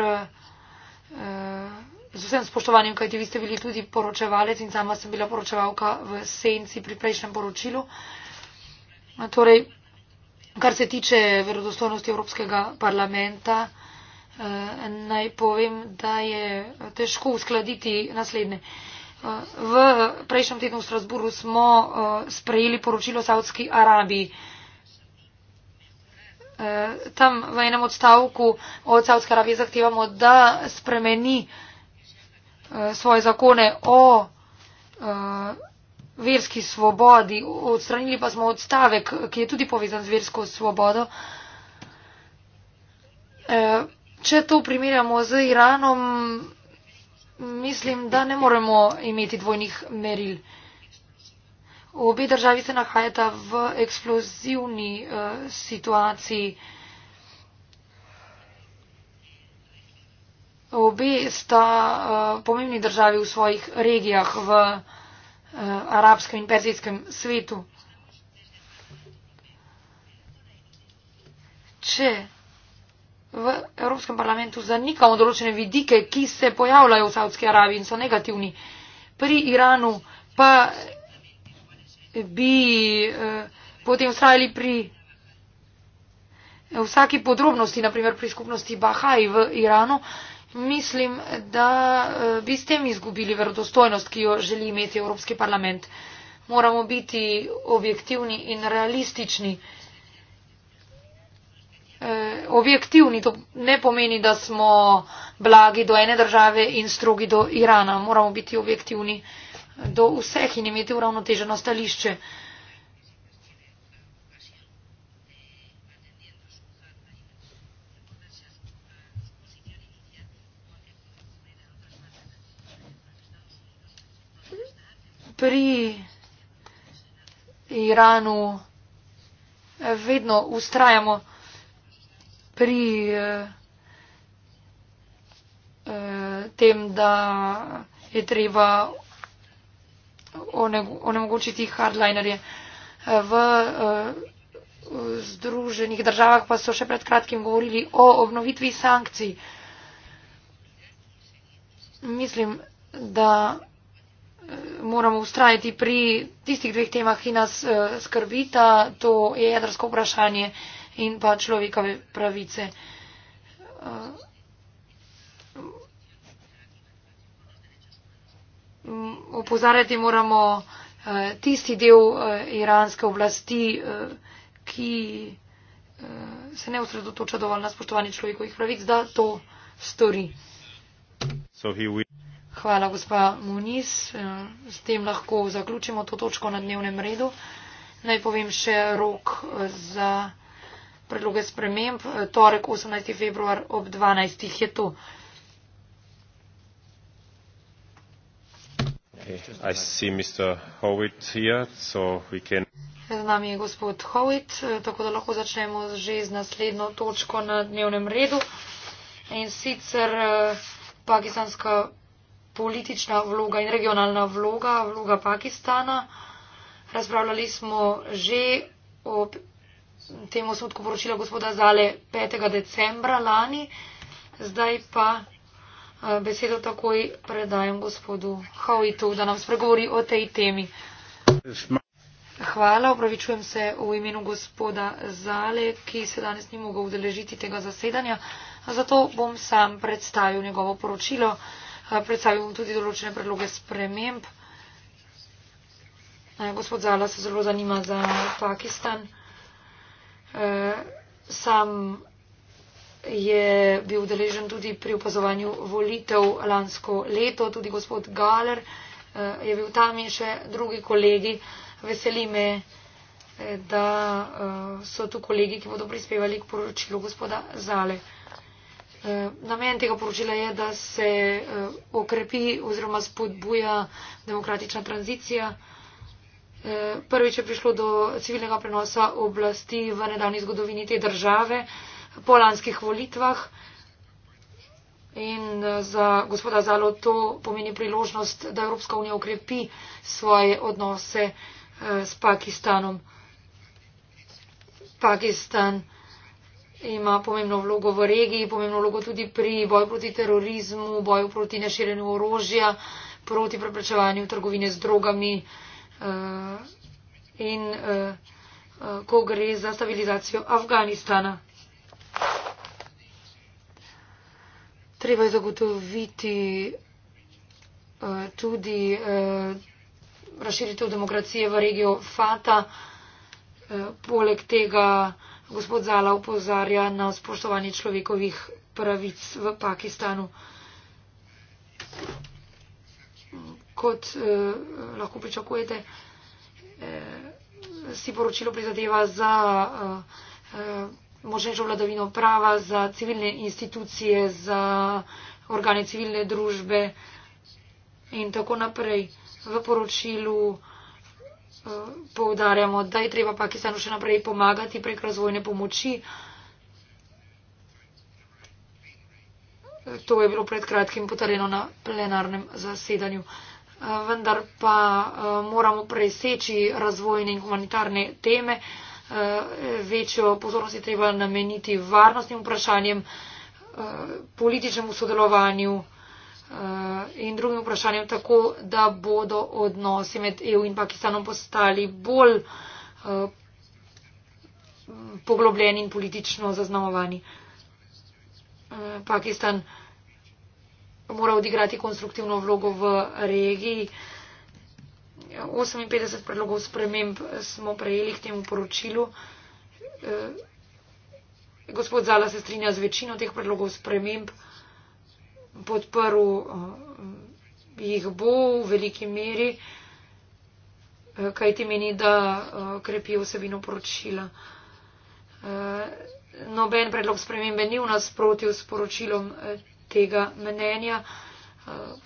z vsem spoštovanjem, kajti vi ste bili tudi poročevalec in sama sem bila poročevalka v senci pri prejšnjem poročilu. Torej, Kar se tiče verodostojnosti Evropskega parlamenta, eh, naj povem, da je težko uskladiti naslednje. Eh, v prejšnjem tednu v Strasburu smo eh, sprejeli poročilo Saudski Arabiji. Tam v enem odstavku od Saudske Arabije zahtevamo, da spremeni svoje zakone o verski svobodi, odstranili pa smo odstavek, ki je tudi povezan z versko svobodo. E, če to primerjamo z Iranom, mislim, da ne moremo imeti dvojnih meril. V obe državi se nahajata v eksplozivni e, situaciji. Obe sta uh, pomembni državi v svojih regijah, v uh, Eh, arapskem in perzijskem svetu. Če v Evropskem parlamentu zanikamo določene vidike, ki se pojavljajo v Saudski Arabiji in so negativni, pri Iranu pa bi eh, potem ustrajali pri vsaki podrobnosti, naprimer pri skupnosti Bahaji v Iranu, mislim, da e, bi s tem izgubili verodostojnost, ki jo želi imeti Evropski parlament. Moramo biti objektivni in realistični. E, objektivni to ne pomeni, da smo blagi do ene države in strogi do Irana. Moramo biti objektivni do vseh in imeti uravnoteženo stališče. pri Iranu vedno ustrajamo pri eh, eh, tem, da je treba onemogočiti hardlinerje. Eh, v Združenih državah pa so še pred kratkim govorili o obnovitvi sankcij. Mislim, da moramo ustrajati pri tistih dveh temah, ki nas eh, skrbita, to je jedrsko vprašanje in pa človekove pravice. Eh, opozarjati moramo eh, tisti del iranske oblasti, ki se ne osredotoča dovolj na spoštovanje človekovih pravic, da to stori. So he will. Hvala, gospa Muniz. Eh, S tem lahko zaključimo to točko na dnevnem redu. Naj povem še rok eh, za predloge sprememb. Eh, torek 18. februar ob 12. je tu. Z nami je gospod Howitt, tako da lahko začnemo že z naslednjo točko na dnevnem redu. In sicer pakistanska politična vloga in regionalna vloga, vloga Pakistana. Razpravljali smo že o tem osnutku poročila gospoda Zale 5. decembra lani. Zdaj pa eh, besedo takoj predajem gospodu Hawitu, da nam spregovori o tej temi. Hvala, opravičujem se v imenu gospoda Zale, ki se danes ni mogel udeležiti tega zasedanja, zato bom sam predstavil njegovo poročilo. Eh, predstavil bom tudi določene predloge sprememb. Eh, gospod Zala se zelo zanima za Pakistan. Eh, sam je bil deležen tudi pri opazovanju volitev lansko leto, tudi gospod Galer je bil tam in še drugi kolegi. Veseli me, da so tu kolegi, ki bodo prispevali k poročilu gospoda Zale. Eh, namen tega poročila je, da se eh, okrepi oziroma spodbuja demokratična tranzicija. Eh, prvič je prišlo do civilnega prenosa oblasti v nedavni zgodovini te države po lanskih volitvah. In za gospoda Zalo to pomeni priložnost, da Evropska unija okrepi svoje odnose s Pakistanom. Pakistan ima pomembno vlogo v regiji, pomembno vlogo tudi pri boju proti terorizmu, boju proti neširjenju orožja, proti preprečevanju trgovine z drogami uh, in uh, ko gre za stabilizacijo Afganistana. Treba je zagotoviti uh, tudi uh, razširitev demokracije v regijo FATA, uh, poleg tega, gospod Zala upozarja na spoštovanje človekovih pravic v Pakistanu. Kot eh, lahko pričakujete, eh, si poročilo prizadeva za eh, eh možnežo vladavino prava, za civilne institucije, za organe civilne družbe in tako naprej. V poročilu eh, poudarjamo, da je treba Pakistanu še naprej pomagati prek razvojne pomoči. To je bilo pred kratkim potrjeno na plenarnem zasedanju. Vendar pa eh, moramo preseči razvojne in humanitarne teme. Eh, večjo pozornost je treba nameniti varnostnim vprašanjem, eh, političnemu sodelovanju, Eh, in drugim vprašanjem tako, da bodo odnosi med EU in Pakistanom postali bolj eh, poglobljeni in politično zaznamovani. Eh, Pakistan mora odigrati konstruktivno vlogo v regiji. 58 predlogov sprememb smo prejeli k temu poročilu. Gospod Zala se strinja z večino teh predlogov sprememb podprl, eh, jih bo v veliki meri, eh, kaj ti meni, da eh, krepijo vsebino poročila. Noben predlog spremembe ni v nasprotju s poročilom tega mnenja,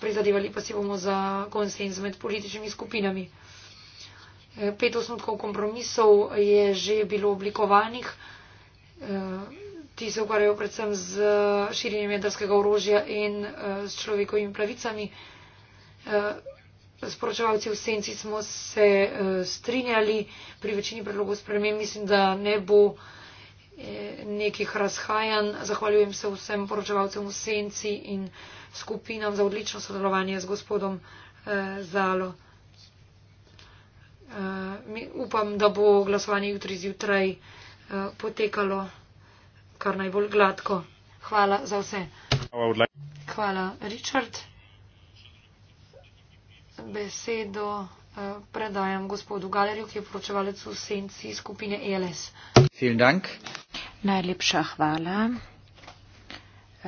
prizadevali pa si bomo za konsens med političnimi skupinami. Pet osnutkov kompromisov je že bilo oblikovanih ti se ukvarjajo predvsem z širjenjem jedrskega orožja in eh, s človekovimi pravicami. Eh, Sporočevalci v senci smo se eh, strinjali pri večini predlogov sprememb. Mislim, da ne bo nekih razhajanj. Zahvaljujem se vsem poročevalcem v senci in skupinam za odlično sodelovanje z gospodom Zalo. Upam, da bo glasovanje jutri zjutraj potekalo kar najbolj gladko. Hvala za vse. Hvala, Richard. Besedo eh, predajam gospodu Galerju, ki je poročevalec v senci skupine e ELS. Najlepša hvala.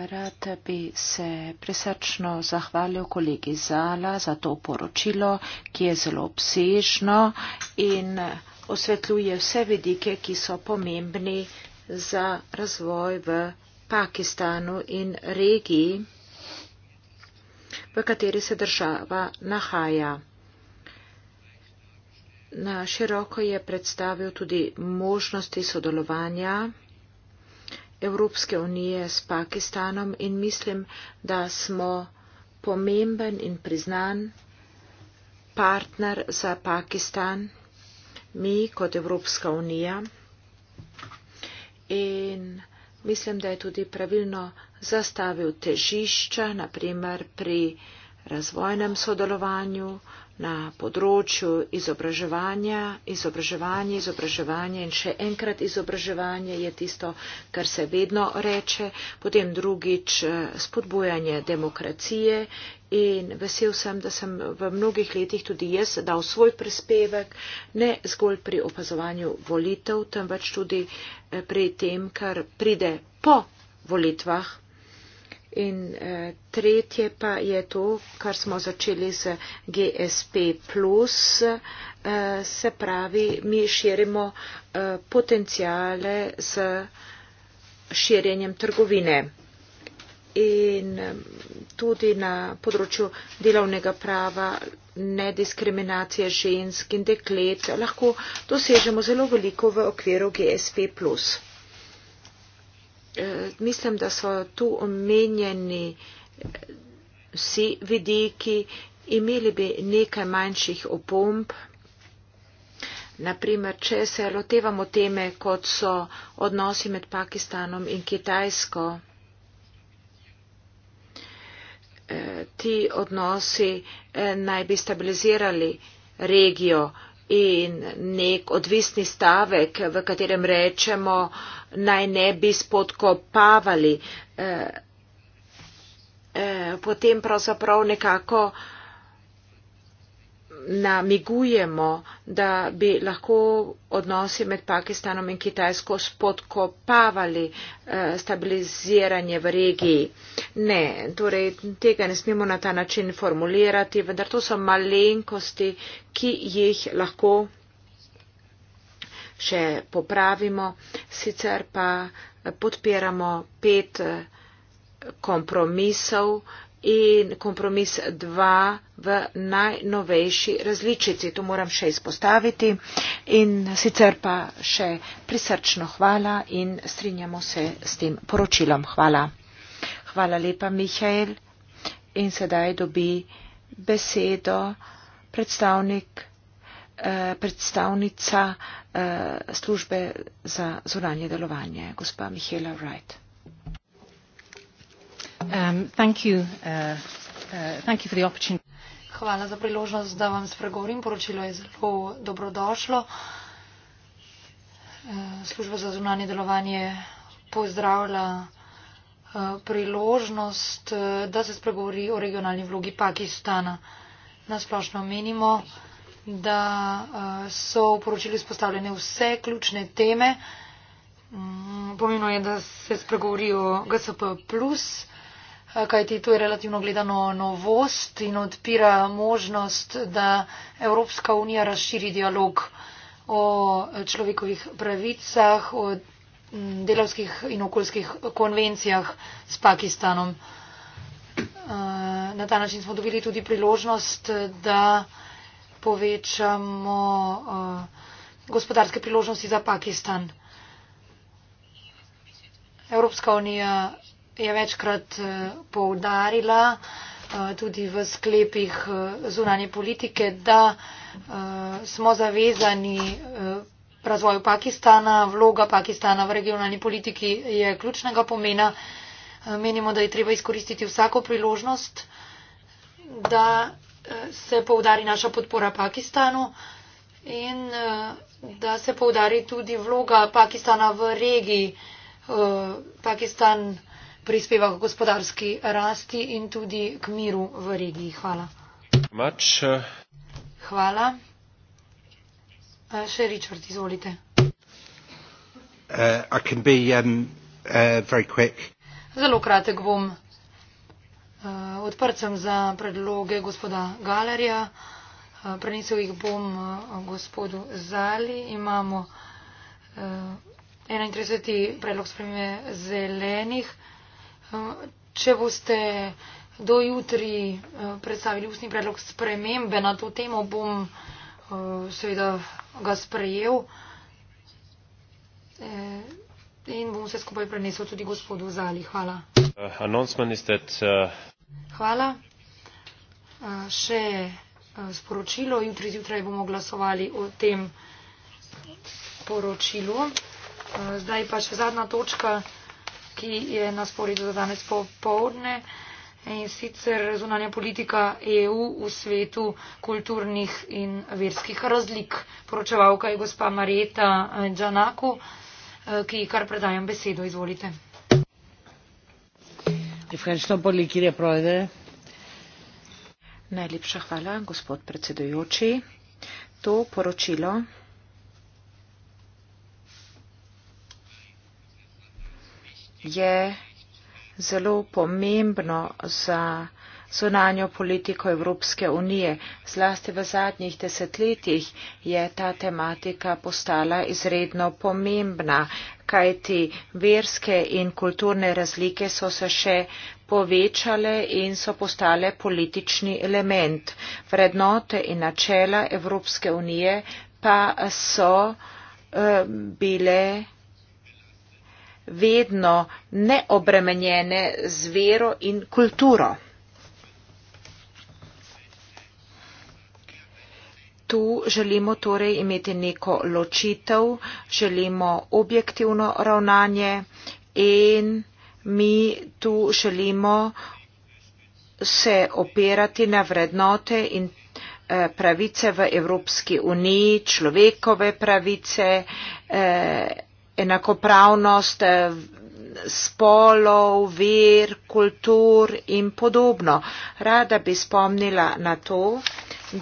Rad bi se presrčno zahvalil kolegi Zala za to poročilo, ki je zelo obsežno in osvetljuje vse vidike, ki so pomembni za razvoj v Pakistanu in regiji, v kateri se država nahaja. Na široko je predstavil tudi možnosti sodelovanja Evropske unije s Pakistanom in mislim, da smo pomemben in priznan partner za Pakistan, mi kot Evropska unija in mislim, da je tudi pravilno zastavil težišča, naprimer pri razvojnem sodelovanju na področju izobraževanja, izobraževanje, izobraževanje in še enkrat izobraževanje je tisto, kar se vedno reče, potem drugič eh, spodbujanje demokracije in vesel sem, da sem v mnogih letih tudi jaz dal svoj prispevek ne zgolj pri opazovanju volitev, temveč tudi eh, pri tem, kar pride po volitvah. In eh, tretje pa je to, kar smo začeli z GSP, eh, se pravi, mi širimo eh, potencijale z širjenjem trgovine. In tudi na področju delovnega prava, nediskriminacije žensk in deklet lahko dosežemo zelo veliko v okviru GSP. Eh, mislim, da so tu omenjeni eh, vsi vidiki, imeli bi nekaj manjših opomb. Naprimer, če se lotevamo teme, kot so odnosi med Pakistanom in Kitajsko, eh, ti odnosi naj bi stabilizirali regijo in nek odvisni stavek, v katerem rečemo, naj ne bi spodkopavali, eh, eh, potem pravzaprav nekako eh, namigujemo da bi lahko odnosi med pakistanom in kitajsko spodkopavali eh, stabiliziranje v regiji. Ne, torej tega ne smemo na ta način formulirati, vendar to so malenkosti, ki jih lahko še popravimo, sicer pa podpiramo pet eh, kompromisov, in kompromis 2 v najnovejši različici. To moram še izpostaviti in sicer pa še prisrčno hvala in strinjamo se s tem poročilom. Hvala. Hvala lepa, Mihajl. In sedaj dobi besedo predstavnik, eh, predstavnica eh, službe za zunanje delovanje, gospa Mihela Wright. Um, uh, uh, Hvala za priložnost, da vam spregovorim. Poročilo je zelo dobrodošlo. Uh, Služba za zunanje delovanje pozdravlja priložnost, da se spregovori o regionalni vlogi Pakistana. Nasplošno menimo, da so v poročilu izpostavljene vse ključne teme. Mm, pomembno je, da se spregovori o GSP. Eh, kajti to je relativno gledano novost in odpira možnost, da Evropska unija razširi dialog o človekovih pravicah, o mm, delavskih in okoljskih konvencijah s Pakistanom. Eh, na ta način smo dobili tudi priložnost, da povečamo eh, gospodarske priložnosti za Pakistan. Evropska unija je večkrat eh, poudarila eh, tudi v sklepih eh, zunanje politike, da smo zavezani razvoju Pakistana. Vloga Pakistana v regionalni politiki je ključnega pomena. Menimo, da je treba izkoristiti vsako priložnost, da se poudari naša podpora Pakistanu in da se poudari tudi vloga Pakistana v regiji. Pakistan prispeva k gospodarski rasti in tudi k miru v regiji. Hvala. Mač. Uh, Hvala. Uh, še Richard, izvolite. Uh, I can be, um, uh, very quick. Zelo kratek bom. Uh, odprt sem za predloge gospoda Galerja. Uh, prenesel jih bom uh, gospodu Zali. Imamo uh, 31. predlog spremembe zelenih. Uh, Eh, če boste eh, do jutri eh, predstavili ustni predlog spremembe na to temo, bom seveda ga sprejel in bom vse skupaj prenesel tudi gospodu Zali. Hvala. Hvala. Še sporočilo. Jutri zjutraj bomo glasovali o tem poročilu. Zdaj pa še zadnja točka ki je na sporedu za danes popovdne. In sicer zunanja politika EU v svetu kulturnih in verskih razlik. Poročevalka je gospa Marjeta eh, Džanaku, eh, ki kar predajam besedo. Izvolite. Najlepša hvala, gospod predsedujoči. To poročilo je zelo pomembno za zunanjo politiko Evropske unije. Zlasti v zadnjih desetletjih je ta tematika postala izredno pomembna, kajti verske in kulturne razlike so se še povečale in so postale politični element. Vrednote in načela Evropske unije pa so uh, bile vedno neobremenjene z vero in kulturo. Tu želimo torej imeti neko ločitev, želimo objektivno ravnanje in mi tu želimo se opirati na vrednote in eh, pravice v Evropski uniji, človekove pravice. Eh, enakopravnost eh, spolov, ver, kultur in podobno. Rada bi spomnila na to,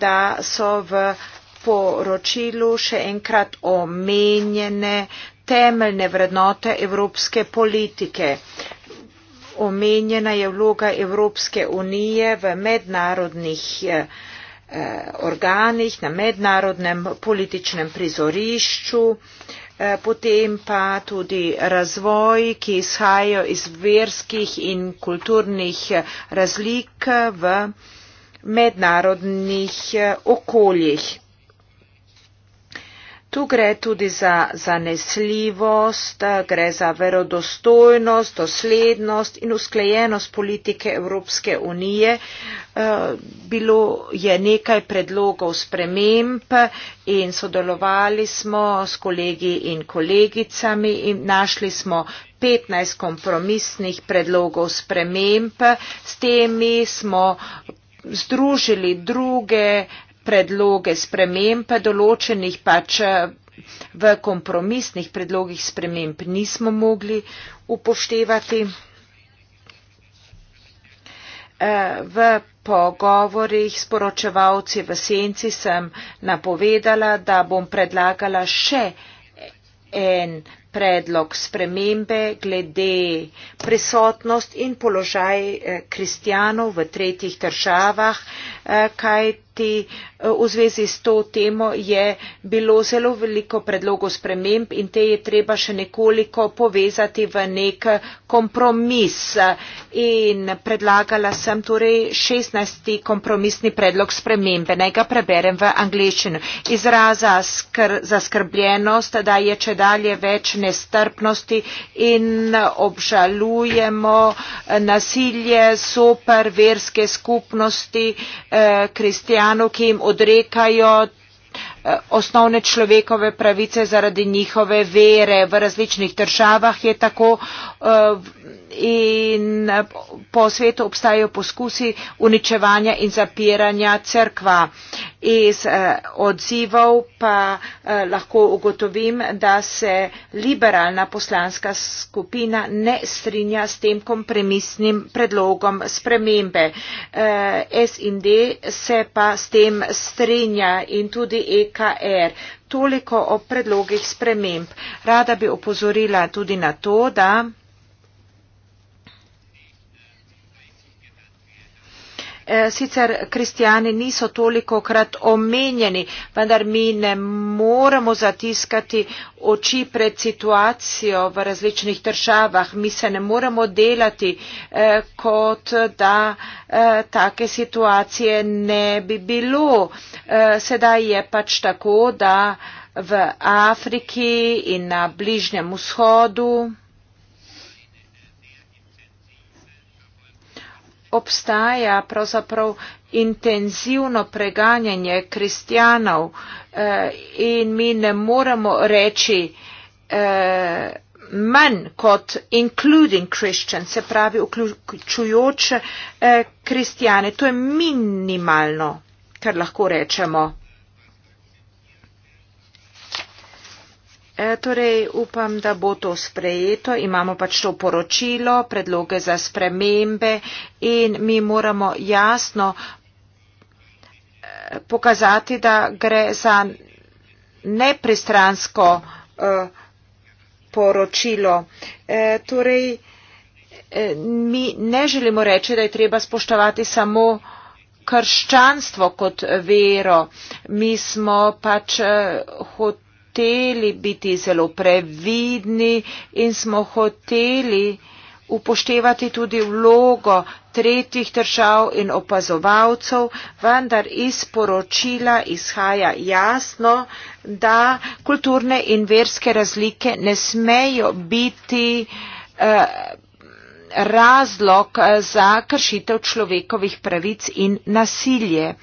da so v poročilu še enkrat omenjene temeljne vrednote evropske politike. Omenjena je vloga Evropske unije v mednarodnih eh, eh organih, na mednarodnem političnem prizorišču. Eh, Eh, potem pa tudi razvoj, ki izhajajo iz verskih in kulturnih eh, razlik v mednarodnih eh, okoljih tu gre tudi za zanesljivost, gre za verodostojnost, doslednost in usklejenost politike Evropske unije. Eh, bilo je nekaj predlogov sprememb in sodelovali smo s kolegi in kolegicami in našli smo 15 kompromisnih predlogov sprememb. S temi smo združili druge predloge sprememb, pa določenih pač eh, v kompromisnih predlogih sprememb nismo mogli upoštevati. Eh, v pogovorih s poročevalci v senci sem napovedala, da bom predlagala še en predlog spremembe glede prisotnost in položaj eh, kristijanov v tretjih državah kajti eh, v zvezi s to temo je bilo zelo veliko predlogov sprememb in te je treba še nekoliko povezati v nek kompromis in predlagala sem torej šestnajsti kompromisni predlog spremembe. Naj ga preberem v angleščino. Izraza skr zaskrbljenost, da je če dalje več nestrpnosti in obžalujemo eh, nasilje super verske skupnosti, eh, Eh, kristijanov, ki jim odrekajo eh, osnovne človekove pravice zaradi njihove vere. V različnih državah je tako eh, in po svetu obstajajo poskusi uničevanja in zapiranja crkva. Iz eh, odzivov pa eh, lahko ugotovim, da se liberalna poslanska skupina ne strinja s tem kompromisnim predlogom spremembe. Eh, SND se pa s tem strinja in tudi EKR. Toliko o predlogih sprememb. Rada bi opozorila tudi na to, da. Eh, sicer kristijani niso toliko krat omenjeni, vendar mi ne moramo zatiskati oči pred situacijo v različnih državah. Mi se ne moramo delati, eh, kot da eh, take situacije ne bi bilo. Sedaj je pač tako, da v Afriki in na Bližnjem vzhodu. obstaja pravzaprav intenzivno preganjanje kristjanov eh, in mi ne moremo reči eh, manj kot including Christian, se pravi vključujoče eh, kristjane. To je minimalno, kar lahko rečemo. E, torej, upam, da bo to sprejeto. Imamo pač to poročilo, predloge za spremembe in mi moramo jasno e, pokazati, da gre za nepristransko e, poročilo. Torej, mi ne želimo reči, da je treba spoštovati samo krščanstvo kot vero. Mi smo pač hoteli hoteli biti zelo previdni in smo hoteli upoštevati tudi vlogo tretjih držav in opazovalcev, vendar iz poročila izhaja jasno, da kulturne in verske razlike ne smejo biti eh, razlog eh, za kršitev človekovih pravic in nasilje.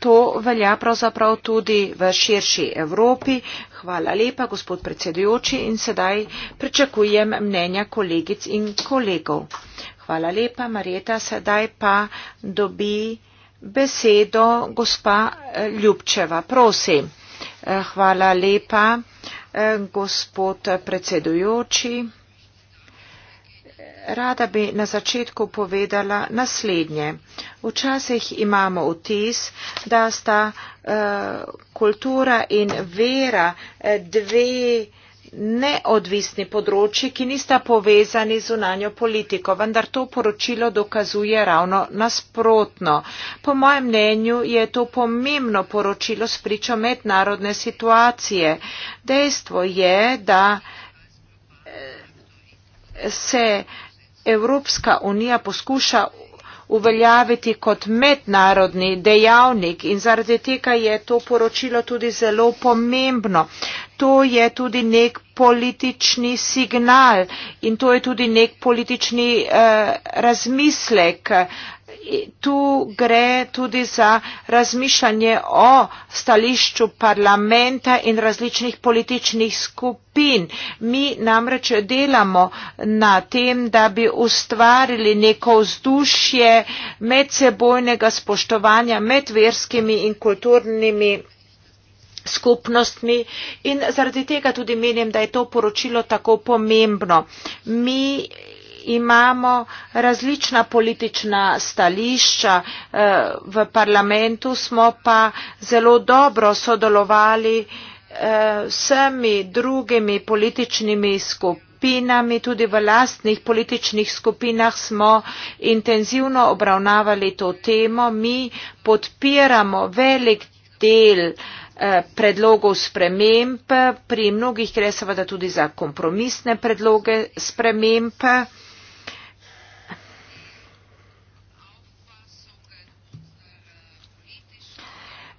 to velja pravzaprav tudi v širši Evropi. Hvala lepa, gospod predsedujoči, in sedaj pričakujem mnenja kolegic in kolegov. Hvala lepa, Marjeta, sedaj pa dobi besedo gospa Ljubčeva. Prosim. Eh, hvala lepa, eh, gospod predsedujoči rada bi na začetku povedala naslednje. Včasih imamo vtis, da sta eh, kultura in vera eh, dve neodvisni področji, ki nista povezani z unanjo politiko, vendar to poročilo dokazuje ravno nasprotno. Po mojem mnenju je to pomembno poročilo spričo mednarodne situacije. Dejstvo je, da eh, se eh, Evropska unija poskuša uveljaviti kot mednarodni dejavnik in zaradi tega je to poročilo tudi zelo pomembno. To je tudi nek politični signal in to je tudi nek politični eh, razmislek. Eh, tu gre tudi za razmišljanje o stališču parlamenta in različnih političnih skupin. Mi namreč delamo na tem, da bi ustvarili neko vzdušje medsebojnega spoštovanja med verskimi in kulturnimi skupnostmi in zaradi tega tudi menim, da je to poročilo tako pomembno. Mi imamo različna politična stališča, eh, v parlamentu smo pa zelo dobro sodelovali eh, vsemi drugimi političnimi skupinami, tudi v lastnih političnih skupinah smo intenzivno obravnavali to temo. Mi podpiramo velik del eh, predlogov sprememb, pri mnogih gre seveda tudi za kompromisne predloge sprememb.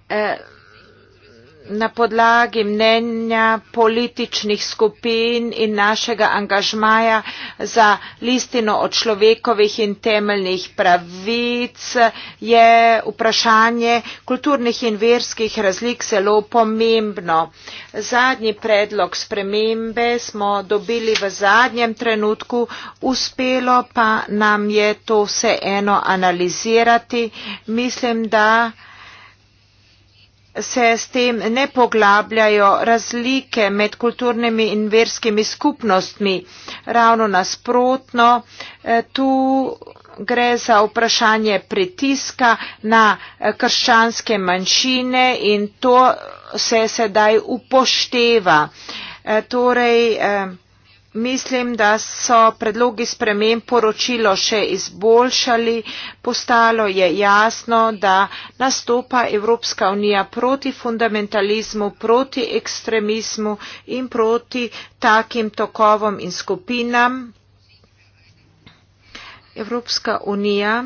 E, na podlagi mnenja političnih skupin in našega angažmaja za listino od človekovih in temeljnih pravic je vprašanje kulturnih in verskih razlik zelo pomembno. Zadnji predlog spremembe smo dobili v zadnjem trenutku, uspelo pa nam je to vse eno analizirati. Mislim, da se s tem ne poglabljajo razlike med kulturnimi in verskimi skupnostmi. Ravno nasprotno, eh, tu gre za vprašanje pritiska na eh, krščanske manjšine in to se sedaj upošteva. Eh, torej, mislim, da so predlogi sprememb poročilo še izboljšali, postalo je jasno, da nastopa Evropska unija proti fundamentalizmu, proti ekstremizmu in proti takim tokovom in skupinam. Evropska unija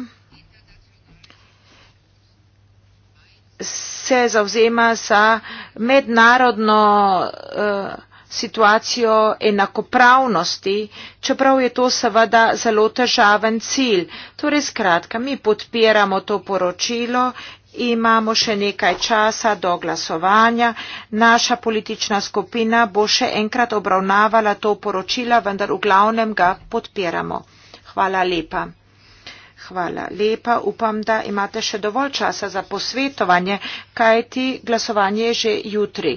se zauzema za mednarodno uh, situacijo enakopravnosti, čeprav je to seveda zelo težaven cilj. Torej, skratka, mi podpiramo to poročilo. Imamo še nekaj časa do glasovanja. Naša politična skupina bo še enkrat obravnavala to poročilo, vendar v glavnem ga podpiramo. Hvala lepa. Hvala lepa. Upam, da imate še dovolj časa za posvetovanje, kajti glasovanje je že jutri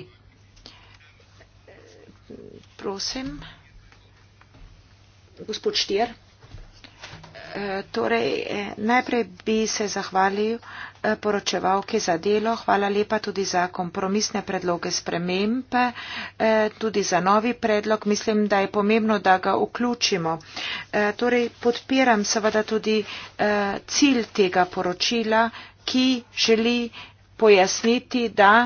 prosim. Gospod Štir. E, torej, e, najprej bi se zahvalil e, poročevalki za delo. Hvala lepa tudi za kompromisne predloge sprememb, tudi za novi predlog. Mislim, da je pomembno, da ga vključimo. Torej, podpiram seveda tudi cilj tega poročila, ki želi pojasniti, da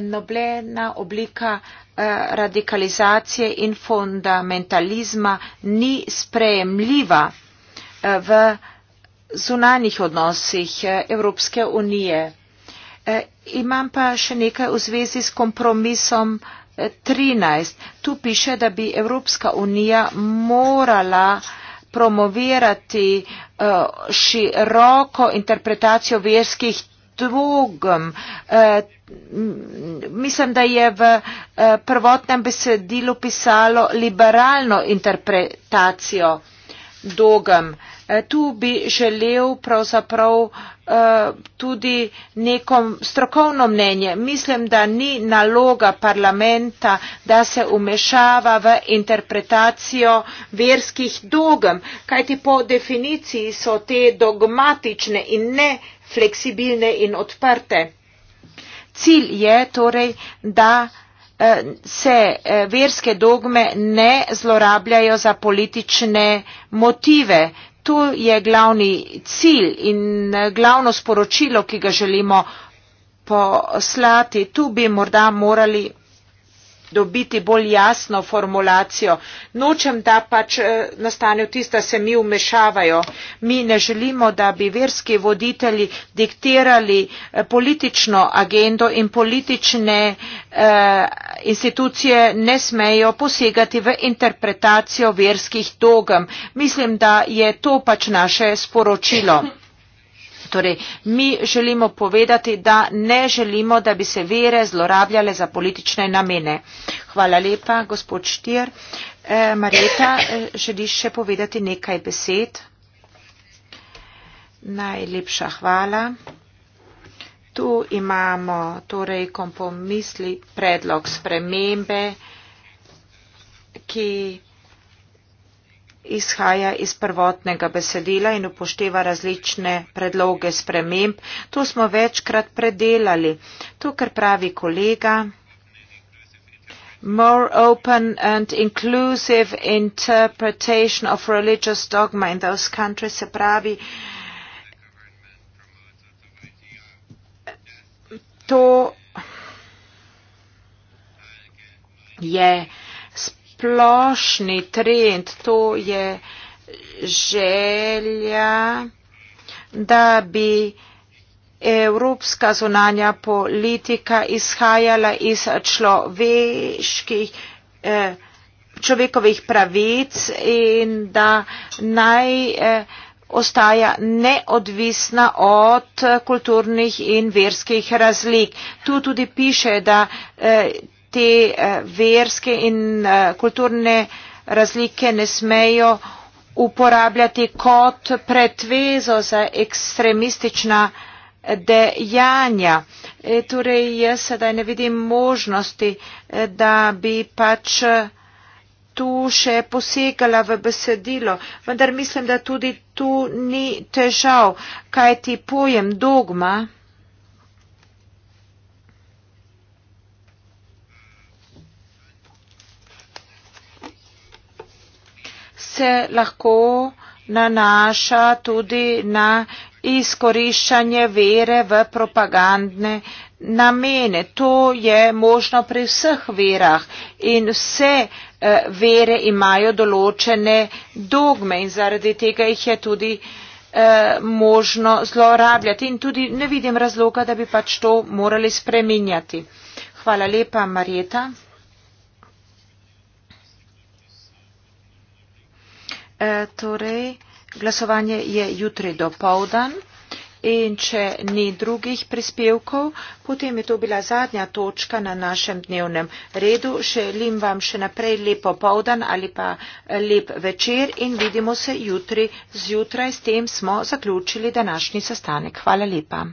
nobena oblika eh, radikalizacije in fundamentalizma ni sprejemljiva eh, v zunanjih odnosih eh, Evropske unije. Imam pa še nekaj v zvezi s kompromisom 13. Tu piše, da bi Evropska unija morala promovirati široko interpretacijo verskih drugem. Eh, mislim, da je v eh, prvotnem besedilu pisalo liberalno interpretacijo dogem. Eh, tu bi želel pravzaprav tudi neko strokovno mnenje. Mislim, da ni naloga parlamenta, da se umešava v interpretacijo verskih dogem, kajti po definiciji so te dogmatične in ne fleksibilne in odprte. Cilj je torej, da eh, se eh, verske dogme ne zlorabljajo za politične motive. To je glavni cilj in eh, glavno sporočilo, ki ga želimo poslati. Tu bi morda morali dobiti bolj jasno formulacijo. Nočem, da pač eh, nastane vtis, da se mi umešavajo. Mi ne želimo, da bi verski voditelji diktirali eh, politično agendo in politične eh, institucije ne smejo posegati v interpretacijo verskih dogem. Mislim, da je to pač naše sporočilo. Torej, mi želimo povedati, da ne želimo, da bi se vere zlorabljale za politične namene. Hvala lepa, gospod Štir. Eh, Marjeta, eh, želiš še povedati nekaj besed? Najlepša hvala. Tu imamo torej kompromisli predlog spremembe, ki izhaja iz prvotnega besedila in upošteva različne predloge sprememb. To smo večkrat predelali. To, kar pravi kolega, more open and inclusive interpretation of religious dogma in those countries se pravi to je yeah splošni trend, to je želja, da bi evropska zunanja politika izhajala iz človeških, eh, človekovih pravic in da naj eh, ostaja neodvisna od kulturnih in verskih razlik. Tu tudi piše, da eh, te eh, verske in eh, kulturne razlike ne smejo uporabljati kot pretvezo za ekstremistična eh, dejanja. E, torej jaz sedaj ne vidim možnosti, da bi pač tu še posegala v besedilo, vendar mislim, da tudi tu ni težav, kaj ti pojem dogma. se lahko nanaša tudi na izkoriščanje vere v propagandne namene. To je možno pri vseh verah in vse eh, vere imajo določene dogme in zaradi tega jih je tudi eh, možno zlorabljati in tudi ne vidim razloga, da bi pač to morali spreminjati. Hvala lepa, Marjeta. E, torej glasovanje je jutri do povdan in če ni drugih prispevkov, potem je to bila zadnja točka na našem dnevnem redu. Želim vam še naprej lepo povdan ali pa lep večer in vidimo se jutri zjutraj. S tem smo zaključili današnji sestanek. Hvala lepa.